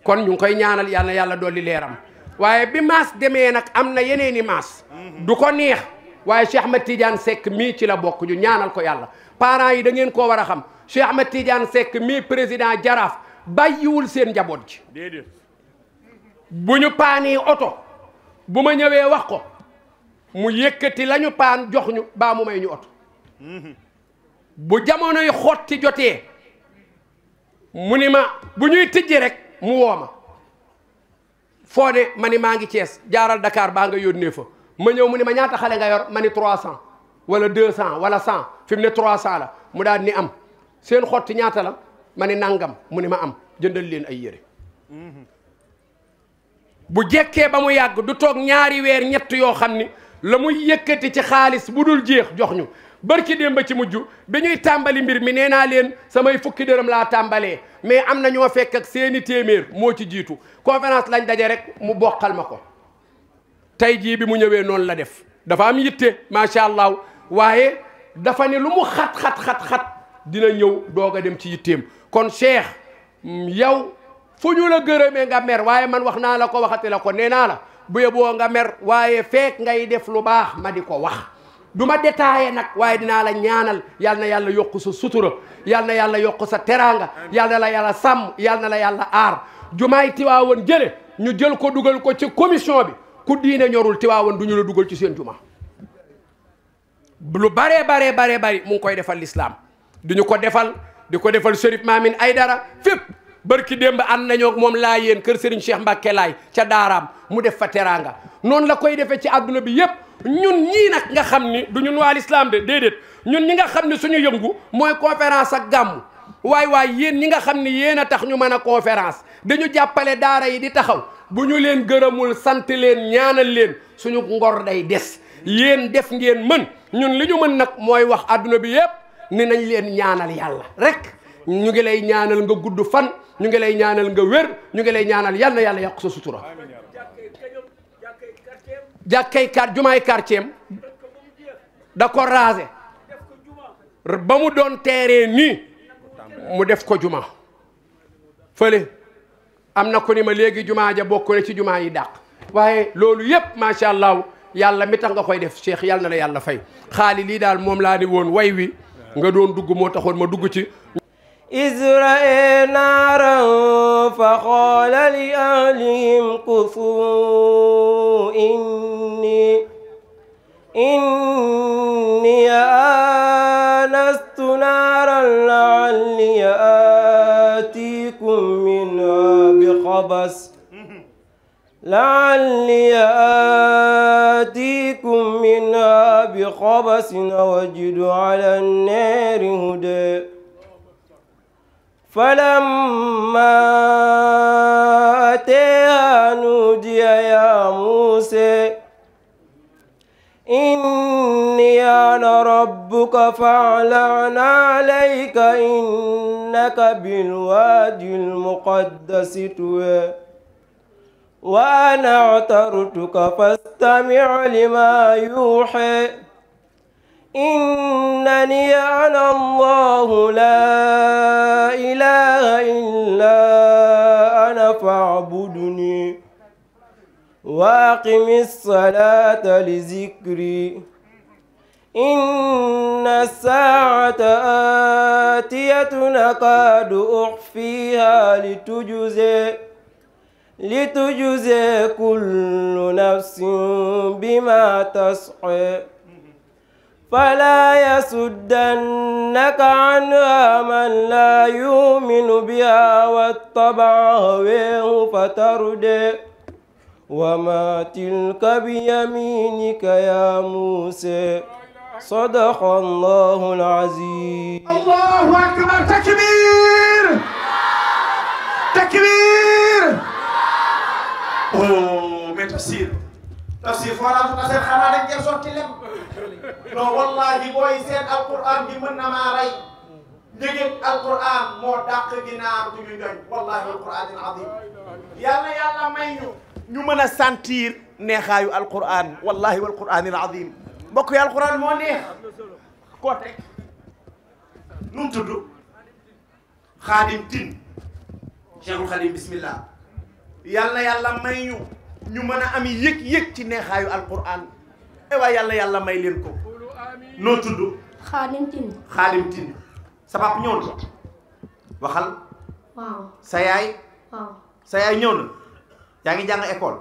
kon ñu koy ñaanal yàlla yàlla li leeram waaye bi maas demee nag am na yeneeni maas du ko neex waaye Cheikh Ahmed Tidiane sekk mii ci la bokk ñu ñaanal ko yàlla parents yi da ngeen koo war a xam Cheikh Ahmed Tidiane sekk mi président jaraaf bàyyiwul seen njaboot ji bu ñu paanee oto bu ma ñëwee wax ko mu yëkkati lañu paan jox ñu baa mu may ñu oto bu jamonoy xotti jotee mu ni ma bu ñuy tijji rek mu woo ma foo ne ma ni maa ngi Cees jaaral Dakar baa nga yónnee fa ma ñëw mu ni ma ñaata xale nga yor ma ni trois cent wala 200 wala 100 fi trois ne la mu daal ni am seen xotti ñaata la ma ne nangam mu ni ma am jëndal leen ay yére. bu jekkee ba mu yàgg du toog ñaari weer ñett yoo xam ni la muy yëkkati ci xaalis bu dul jeex jox ñu barki démb ba ci mujj bi ñuy tàmbali mbir mi nee naa leen samay fukki dërëm laa tàmbalee mais am na ñoo fekk ak seeni téeméer moo ci jiitu conférence lañ daje rek mu bokkal ma ko. tey jii bi mu ñëwee noonu la def dafa am yitte macha allah waaye dafa ne lu mu xat xat xat dina ñëw doog a dem ci yitteem kon Cheikh yow fu ñu la gërëmee nga mer waaye man wax naa la ko waxati la ko nee naa la bu yeboo nga mer waaye feek ngay def lu baax ma di ko wax du ma détaillé nag waaye dinaa la ñaanal yal na yàlla yokk sa sutura yal na yàlla yokk sa teraanga yal la yàlla sàmm yal la yàlla aar jumaay Tiwaawoon jële ñu jël ko dugal ko ci commission bi ku diine ñorul Tiwaawoon du ñu la dugal ci seen juma lu baree baree baree bari mu ngi koy defal lislaam du ñu ko defal di ko defal Chérif Mamine Aidara fépp bërki démb am nañoo moom laa yéen kër Serigne Cheikh Mbacke laay ca daaraam mu def fa teraanga noonu la koy defee ci àdduna bi yépp ñun ñii nag nga xam ni du ñun waa lislaam de déedéet ñun ñi nga xam ne suñu yëngu mooy conférence ak gàmmu waay waay yéen ñi nga xam ni yéen a tax ñu mën a conférence dañu jàppale daara yi di taxaw bu ñu leen gërëmul sant leen ñaanal leen suñu ngor day des yéen def ngeen mën ñun li ñu mën nag mooy wax adduna bi yëpp ni nañ leen ñaanal yàlla rek ñu ngi lay ñaanal nga gudd fan ñu ngi lay ñaanal nga wér ñu ngi lay ñaanal yàlla yàlla yàq sa sutura jàkkay kaat jumaay quartier am da ko raser ba mu doon teeree nii mu def ko juma fële am na ko ni ma léegi jumaa ja bokk na ci jumaa yi dàq waaye loolu yëpp macha allah yàlla mi tax nga koy def cheikh yàlla na la yàlla fay xaali lii daal moom laa ni woon way wi nga don dug mo taxone ma dug ci izra'ina ra fa qaala li ahlihim qufu inni inni anastu naran la'alli aatikum minha bi qabas لعلي آتيكم منها بخبس وجد على النار هدى فلما أتيها نودي يا موسى إني أنا ربك فاعلن عليك إنك بالوادي المقدس تُوَى وأنا اعترتك فاستمع لما يوحي إنني أنا الله لا إله إلا أنا فاعبدني وأقم الصلاة لذكري إن الساعة آتية نكاد أخفيها لتجزي لتجزى كل نفس بما تسعى فلا يسدنك عنها من لا يؤمن بها واتبع هواه فتردي وما تلك بيمينك يا موسى صدق الله العظيم الله أكبر تكبير تكبير oh mais tafsir tafsir forage na seen xanaa dañ cee sotti lem non wallahi booy seen alquran bi mën na maa rey njëgeen alquran moo dàq ginaar du ñu doñ wallahi alquran al azim yàlla yàlla may ñu ñu mën a sentir neexaayu alquran wallahi walquran al azim mbokk yi alquran moo neex koo teg nu mu tudd xaadim tin cheikhul xadim bismillah yalla yalla may ñu ñu mëna am yek yek ci neexayu alquran e wa yalla yalla may leen ko no tuddu khadim tin khadim tin sa pap ñew na waxal waaw sa yaay waaw sa yaay ñoon ya nga jang école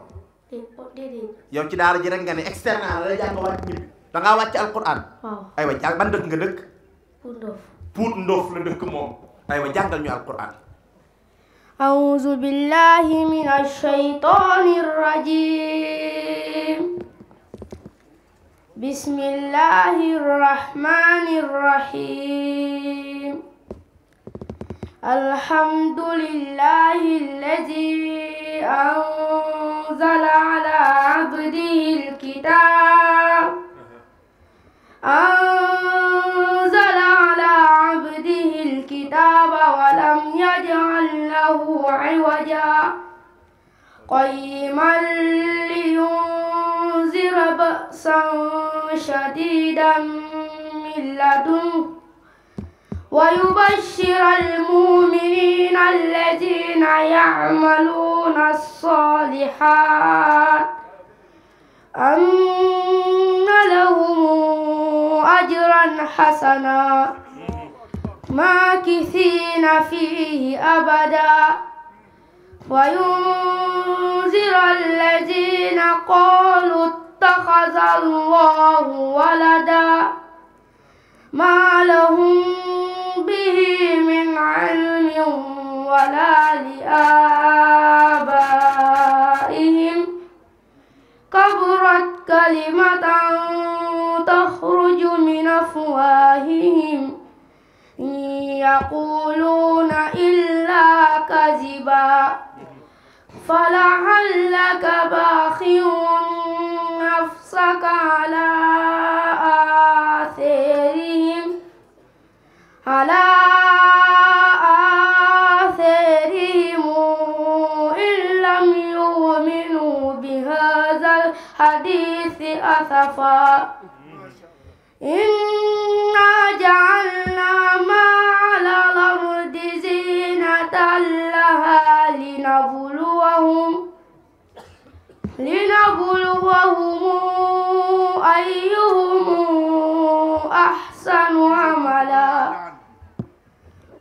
yow ci daara ji rek nga ne external la jang wat ñib da nga wacc alquran waaw ay wa jang ban deuk nga dekk pour ndof pour ndof la dekk mom ay wa jangal ñu alquran أعوذ بالله من الشيطان الرجيم بسم الله الرحمن الرحيم الحمد لله الذي أنزل على عبده الكتاب فرجا قيما لينذر بأسا شديدا من لدنه ويبشر المؤمنين الذين يعملون الصالحات أن لهم أجرا حسنا ماكثين فيه أبدا وينذر الذين قالوا اتخذ الله ولدا ما لهم به من علم ولا لآبائهم كبرت كلمة تخرج من أفواههم إن يقولون إلا كذبا فلعلك باخ نفسك على آثارهم على آثارهم إن لم يؤمنوا بهذا الحديث أسفا إنا جعلنا ما على الأرض زينة أتعلها لنبلوهم لنبلوهم أيهم أحسن عملا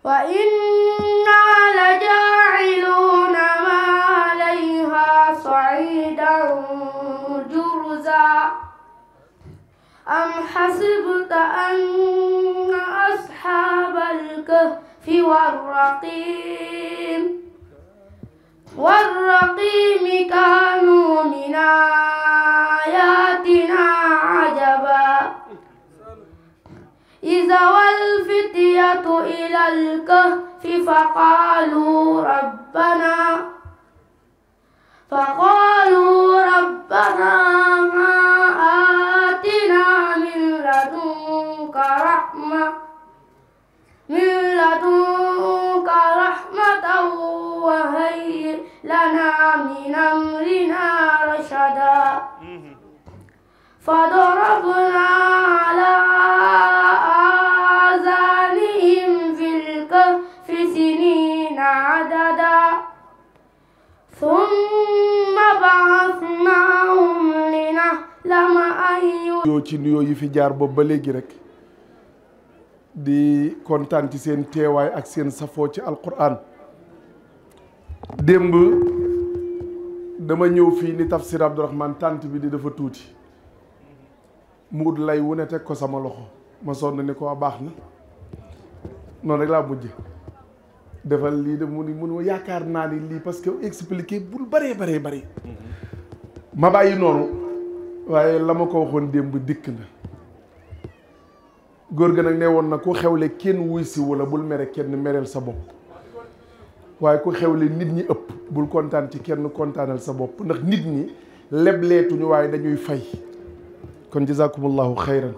وإنا لجاعلون ما عليها صعيدا جرزا أم حسبت أن أصحاب الكهف في والرقيم والرقيم كانوا من آياتنا عجبا إذا والفتية إلى الكهف فقالوا ربنا فقالوا فضربنا على آذانهم في الكهف سنين عددا ثم بعثناهم لنعلم أي yoo ci nuyoo yi fi jaar boobu ba léegi rek di kontaan ci seen teewaay ak seen safoo ci alquran démb dama ñëw fi ni tafsir Abdourahman tànt bi di dafa tuuti mu lay wu teg ko sama loxo ma sonn ni ko ah, baax na noonu rek laa mujj defal lii de mu ni mu ne yaakaar naa ni lii parce que expliqué bul bëree bëree bëri mm-hmm. ma bàyyi noonu waaye la ma ko waxoon démb dikk na góor ga nag ne woon na ku xewle kenn wuy si wala bul mere kenn mereel sa bopp waaye ku xewle nit ñi ëpp bul kontaan ci kenn kontaanal sa bopp ndax nit ñi lebleetuñu waaye dañuy fay kon jazakumullahu xayran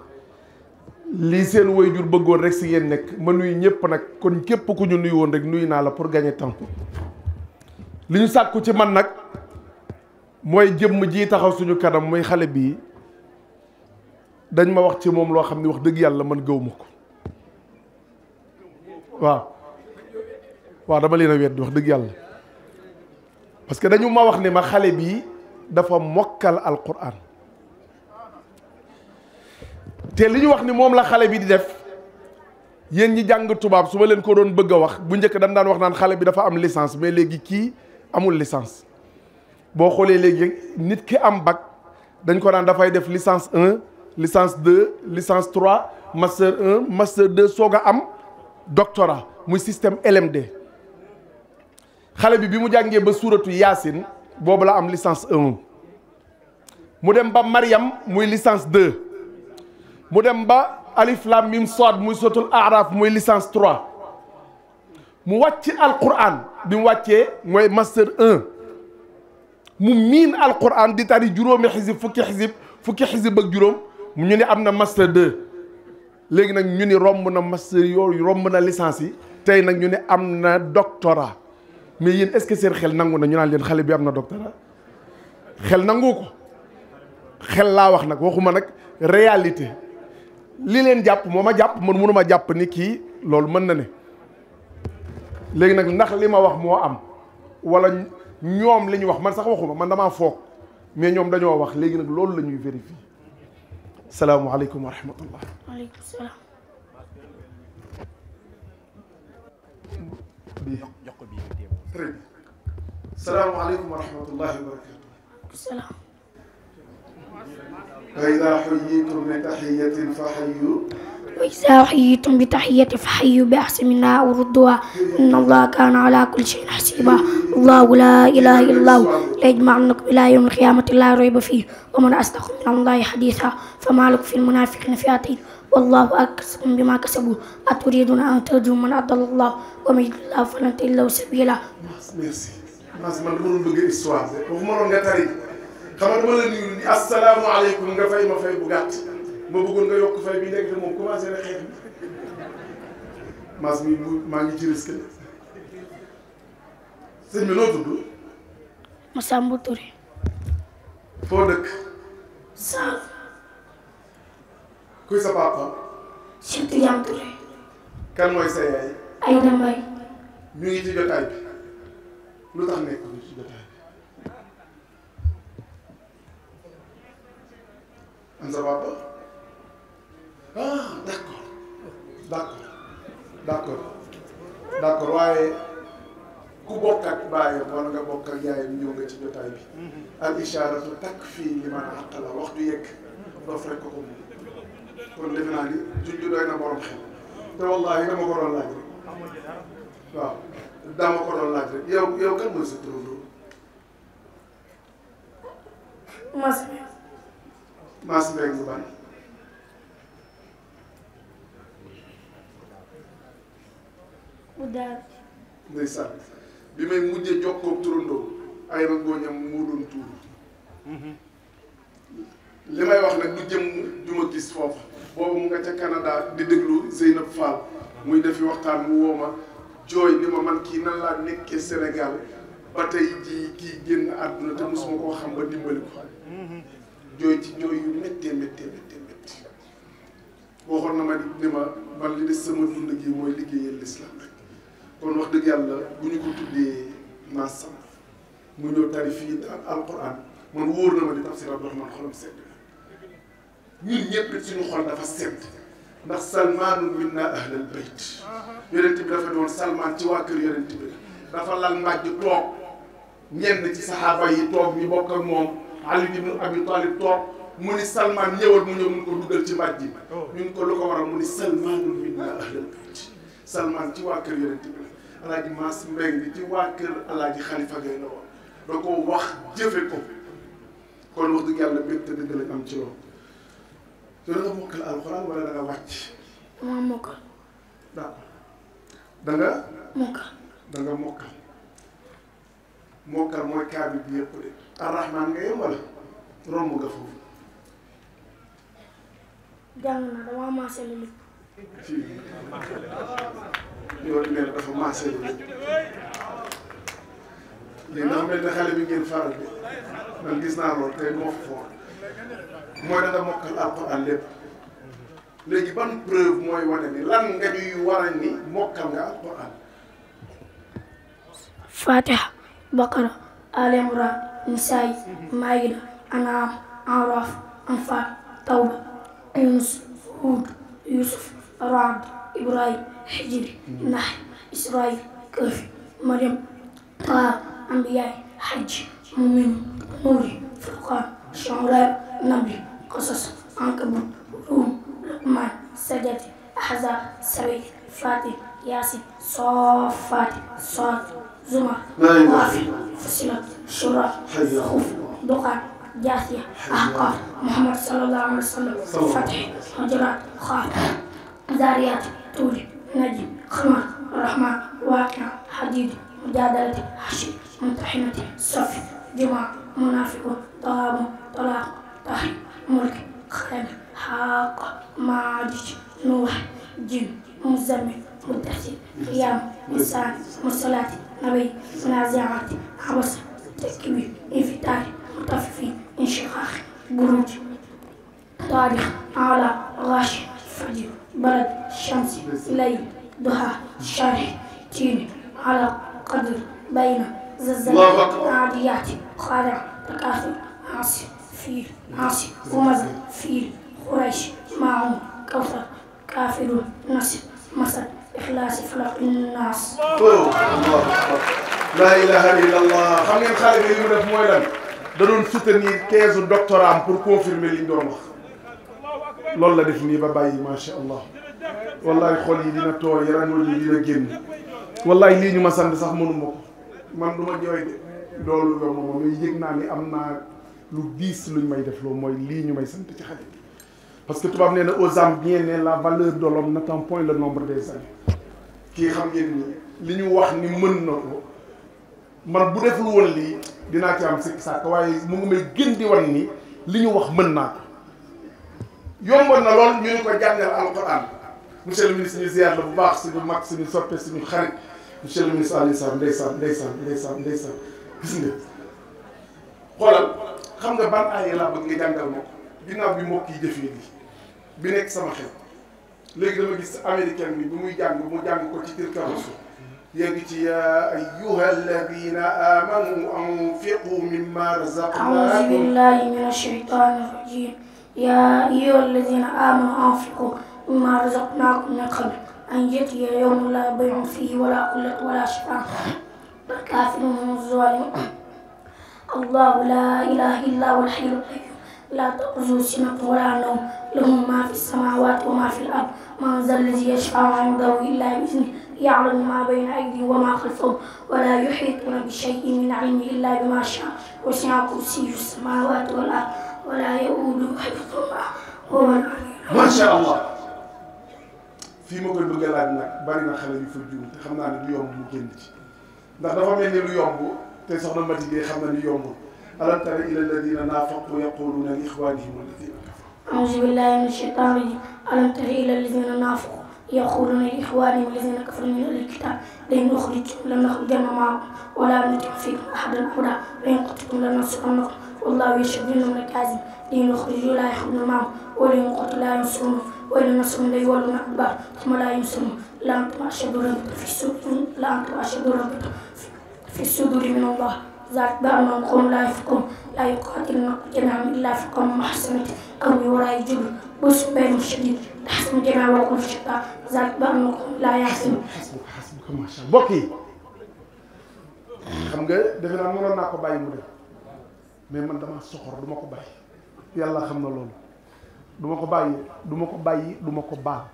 lii seen jur bëggoon rek si yéen nekk ma nuyu ñëpp nag kon képp ku ñu nuyu woon rek nuyu naa la pour gagner temps li ñu sàkku ci man nag mooy jëmm jii taxaw suñu kanam muy xale bii dañ ma wax ci moom loo xam ne wax dëgg yàlla man gëwuma ko waaw waaw dama leen a weddi wax dëgg yàlla parce que dañu ma wax ni ma xale bii dafa mokkal alquran te li ñu wax ni moom la xale bi di def yéen ñi jàng tubaab su ma leen ko doon bëgg a wax bu njëkk dañ daan wax naan xale bi dafa am licence mais léegi kii amul licence boo xoolee léegi nit ki am bag dañ ko daan dafay def licence 1 licence 2 licence 3 master 1 master 2 soog a am doctorat muy système LMD xale bi bi mu jàngee ba suuratu yaasin boobu la am licence 1 mu dem ba Mariam muy licence 2. mu dem ba alif lam mim sood muy sotul araf muy licence 3 mu wàcc alquran bi mu wàccee mooy master 1 mu miin alquran di tari juróomi xisib fukki xisib fukki xisib ak juróom ñu ne am na master de léegi nag ñu ni romb na master yooyu romb na licence yi tey nag ñu ne am na doctorat mais yéen est-ce que seen xel nangu na ñu naan leen xale bi am na doctorat xel nangu ko xel laa wax nag waxuma nag réalité li leen jàpp moom ma jàpp man mënuma jàpp ni kii loolu mën na ne léegi nag ndax li ma wax moo am walla ñoom li ñu wax man sax waxuma man damaa foog mais ñoom dañoo wax léegi nag loolu la ñuy vérifier salaamualeykum wa rahmatullah. waaleykum salaam. bii وإذا حييتم بتحية فحيوا وإذا حييتم بتحية فحيوا بأحسن منها وردوها إن الله كان على كل شيء حسيبا الله لا إله إلا الله ليجمعنكم إلى يوم القيامة لا ريب فيه ومن أصدق من الله حديثا فما لك في المنافقين فئتين والله أكسبهم بما كسبوا أتريدون أن تهدوا من أضل الله ومن يضل الله فلن تجد سبيلا. ميرسي ميرسي man mënul bëgg histoire. Foofu mënoon xamal ma la nuyu ni nga fay ma fay bu ma bëggoon nga yokk fay bi nekk te moom commencé na xeex bi mas mi bu maa ngi ci risque la sëñ bi noo tudd. Massamba foo dëkk. Sall. papa. Cheikh Tidiane Touré. kan mooy sa yaay. Aïda Mbaye. ñu ngi ci jotaay bi lu tax am sa papa ah d'accord waaye ku bokk ak baayam wala nga bokk ak yaayam ñëw nga ci jotaay bi al isharatu takk fii li man àq la wax du yegg ko ko moom kon defe naa ni na borom xel te wallaahi dama ko doon laaj rek waaw dama ko doon laaj rek yow kan mooy sa maas mbéng ban bi may mujjee jokkoog turandoo ay rangooñam moo doon tuur li may wax nag du jëm du ma gis foofu nga ca Canada di déglu Zeynab Fall muy defi waxtaan mu woo ma jooy ni ma man kii nan laa nekkee Sénégal ba tey jii kii génn àdduna te mosuma koo xam ba dimbali jooy ci jooy yu méttee méttee méttee métti waxoon na ma ne ma man li des sama dund gi mooy liggéeyal lislaam rek kon wax dëgg yàlla bu ñu ko tuddee maasam mu ñëw tari fii alquran man wóor na ma ni tafsir Abdourahmane xolam sedd na ñun ñëpp suñu xol dafa sedd ndax salmaanu minna ahlal bayt yonent bi dafa doon salmaan ci waa kër yonent bi dafa lal màjj toog ñenn ci saxaaba yi toog ñu bokk ak moom. Ali bin Abi Talib toog muni Salman ñëwal mu ñëw mun ko dugal ci majji ji oh. ñun ko lu ko waral mu ni Salmanul minna ahlal bayt Salman ci waa kër yonent bi la alaaji Mbeng ci waa kër alaaji Xalifa Gay la woon da ko wax jëfé ko kon wax dëgg yàlla mbégte dëgg lañ am ci loolu te da nga mokkal alxuraan wala da nga wacc maa mokkal da da nga mokkal da nga mokkal mokkal moy kaabi bi yëpp de arrahman nga yem wala romb nga foofu jàng na dama maase lu lépp yow nee na dafa maase lu ni na ndax mel na xale bi ngeen faral bi man gis na loolu tey mo fo foor da nga mokal alquran lepp legi ban preuve moy wone ni lan nga ñuy wara ni mokkal nga alquran fatiha bakara al imran نساي مائدة أنعام أعراف انفا توبة يونس هود يوسف رعد إبراهيم حجر نحل إسرائيل كف مريم طه أنبياء حج مؤمن نور فرقان شعراء نبي قصص عنكبوت روم لقمان سجد أحزاب سبيل فاتح ياسين صافات صاد زمر وافي فصلت شرى خوف بقع جاثية أحقاف محمد صلى الله عليه وسلم فتح حجرات خاف زاريات طول نجم خمر رحمة واقع حديد مجادلة حشي ممتحنة صف جمع منافق طاب طلاق طحن ملك خلل حاق معجج نوح جن مزمن مدثر قيام انسان مرسلات نبي منازعات عبس تكبير انفتاح مطففين انشقاخ بروج تاريخ على غاش فجر برد شمس ليل ضحى شرح تين على قدر بين زلزال عاديات خارع تكاثر عاصف فيل عاصف غمز فيل قريش معهم كوثر كافر نصر مصر إخلاص إخلاق للناس طيب، الله لا إله إلا الله خلينا نخالف اليوم في مويلان دون سوتني تيز الدكتورام بور كونفيرمي لي ندور وخ لول لا ديف ني با باي ما شاء الله والله خول يي دينا تو يرانول لي دينا ген والله لي ني ما ساند صاح مونو مكو مان دوما جوي دي لولو يوم مامي يجنا ني امنا لو 10 لو ماي ديف لو موي لي ني ماي سانت تي خالي parce que tu nee na aux âmes bien nées la valeur de l'homme n'attend point le nombre des années kii xam ngeen ni li wax ni mën na man bu deful won li dina ci am sik sak waye mu ngi may gën won ni liñu wax mën naa ko yomboon na lol ñu ni ko jàngal alquran monsieur le ministre ñu ziar la bu baax ci bu ci ñu suñu ci ñu xarit monsieur le ministre Aliou sah ndeysaan ndeysaan ndeysaan ndeysaan gis nga xoolal xam nga ban ay la bëgg nga jangal ma ko ginnaaw bi mbokk yi jëfee بنك سماخيل لقد مجلس أمريكان بمجان بمجان كتير كرسو يبتي أيها الذين آمنوا أنفقوا مما رزقناكم أعوذ بالله من الشيطان الرجيم يا أيها الذين آمنوا أنفقوا مما رزقناكم من قبل أن يأتي يوم لا بيع فيه ولا قلة ولا شفاعة الكافرون الظالمون الله لا إله إلا هو الحي القيوم لا تأخذه سنة ولا نوم له ما في السماوات وما في الأرض من ذا الذي يشفع عنده إلا بإذنه يعلم ما بين أيدي وما خلفهم ولا يحيطون بشيء من علمه إلا بما شاء وسع كرسيه السماوات والأرض ولا يؤوده حفظهما هو العلي ما شاء الله في مقلب جلالنا bëgg a laaj nag bari na xale yu fa juum اليوم xam naa ne ألم تر إلى الذين نافقوا يقولون لإخوانهم الذين كفروا أعوذ بالله من الشيطان الرجيم ألم تر إلى الذين نافقوا يقولون لإخوانهم الذين كفروا من أهل الكتاب لئن أخرجتم لنخرجن معكم ولا نطيع فيكم أحدا أبدا وإن قتلتم لننصرنكم والله يشهد إنهم لكاذبون لئن أخرجوا لا يخرجون معهم ولئن قتلوا لا ينصرون وإن نصرهم ليولون أدبار ثم لا ينصرون لأنتم أشد ربكم في الصدور لأنتم أشد ربكم في الصدور من الله ذات بأمامكم لا يفكم لا يقاتلنكم جميعا إلا في قوم محسنة قومي ولا يجب بوس بين xam nga defe naa mënoon naa ko bàyyi mu def mais man dama soxor duma ma ko bàyyi yàlla xam na loolu duma ko bàyyi duma ma ko bàyyi du ma ko baal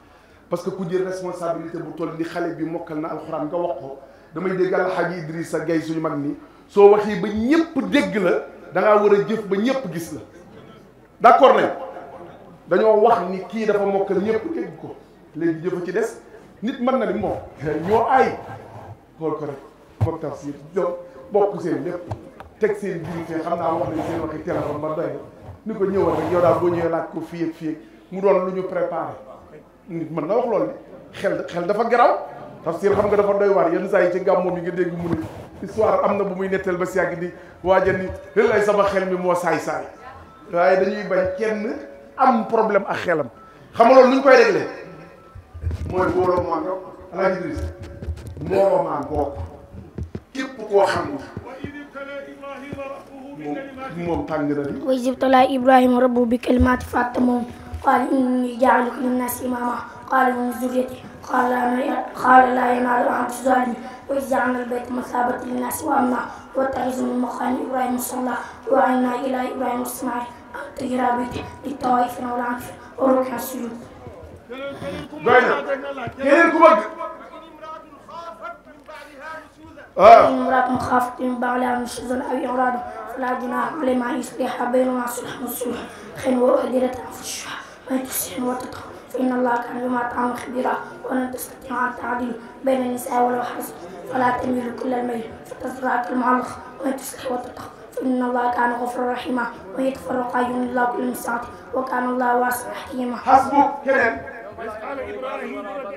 parce que ku jël responsabilité bu toll ni xale bi mokkal na alxuraan nga wax ko damay dégg alxaaji sa Gay suñu mag ni soo waxee ba ñëpp dégg la da ngaa war a jëf ba ñëpp gis la d'accord nañ dañoo wax ni kii dafa mokkal ñëpp dégg ko léegi jëfa ci des nit mën na ni moom ñoo aay xool ko rek mook tafsir jo bokk seen lépp teg seen biir fee xam naa wax nañ seen waxi téléphone ba doy ni ko ñëwal rek yow daal boo ñëwee laaj ko fii ak fii ak mu doon lu ñu préparé nit mën na wax loolu de xel xel dafa garaw tafsir xam nga dafa doy waar yenn saa yi ci gàmmoom yi nga dég mu histoire am na bu muy netteel ba si yàgg di waaja ni lay sama xel mi moo saay saay waaye dañuy bañ kenn am problème ak xelam xam nga loolu nu ñu koy réglé mooy booloo maa ngoog alaaji Idris mbooloo maa ngoog képp koo xam ne moom moom tàng na di wa jibtalaa ibrahima rabbu bi kalimaati fàtte قال لا قال لا ينال عهد الظالم وإذ جعلنا البيت مثابة للناس وأمنا وتعز من مقام إبراهيم صلى وعنا إلى إبراهيم إسماعيل أن تجرى بيتي للطوائفين والعنف والركع السجود. آه. إن امرأة خافت من بعلها نشوزا أو إعراضا فلا جناح عليهما أن يصلحا بينهما صلحا وصلحا خير وأدلة في ما تسحن وتطهر. فإن الله كان بما تعمل خبيرا ولن تستطيع أن تعدل بين النساء ولو فلا تميل كل الميل فتزرع المعلق وإن تصلح وتتقى فإن الله كان غفرا رحيما وهي تفرق عيون الله كل من وكان الله واسعا حكيما. حسبك كلام. قال إبراهيم رب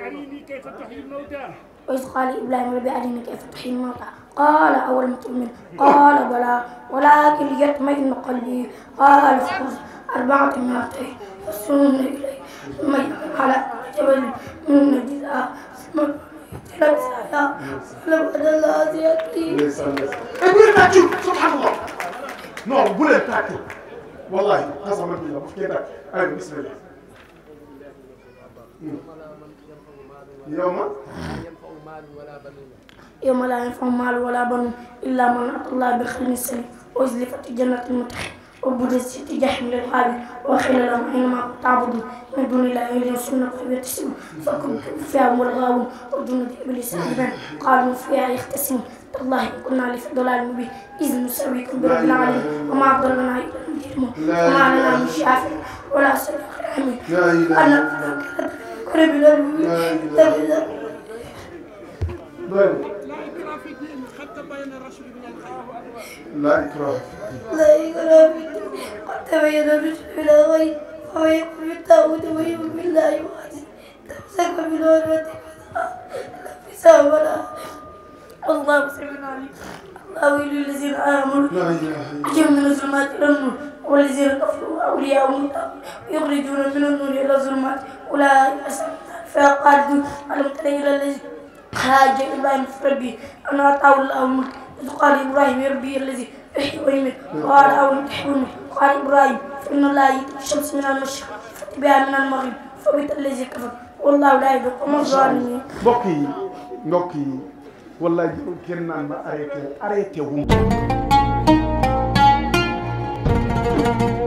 كيف تحيي الموتى. وإذ قال إبراهيم رب أريني كيف تحيي الموتى قال أول ما تؤمن قال بلى ولكن ليطمئن قلبي قال فخذ أربعة من الطير فصلنا إليه على لا نجزا ابوي تاكيو سبحان الله نور بولا تاكيو والله قسما بالله مفكي تاك ايوه بسم يوم لا ينفع مال ولا بنون الا من اتى الله بخير سليم وازلفت جنه المتقين وعبد الست جحم للقابل وخيل لهم حينما تعبدوا من دون الله يجن سنة فيبتسموا فكنت فيها هم الغاوون وجند إبليس أجمعين قالوا فيها يختصموا تالله إن كنا لفي ضلال مبين إذ نسويكم برب العالمين وما ضلنا إلا المجرمون وما لنا من شافع ولا صديق حميد أنا قريب إلى المؤمنين طيب. لا إكراه الدين حتى بين الرشد لا إكراه لا إكراه في قد تبين الرشد من الغي فهو يكفر بالطاغوت ويؤمن بالله وحده تمسك لا الانفصام ولا والله مسلم عليم الله ولي آمنوا يجب من الظلمات إلى النور والذين كفروا من النور إلى الظلمات الذي أن أعطاه الله إذ قال إبراهيم ربي الذي يحيي ويميت قال أولم تحيوني قال إبراهيم فإن الله يأتي الشمس من المشرق بها من المغرب فبيت الذي كفر والله لا يهدي القوم الظالمين بقي بقي والله yi wallaay jërul أريته naan ma arrêté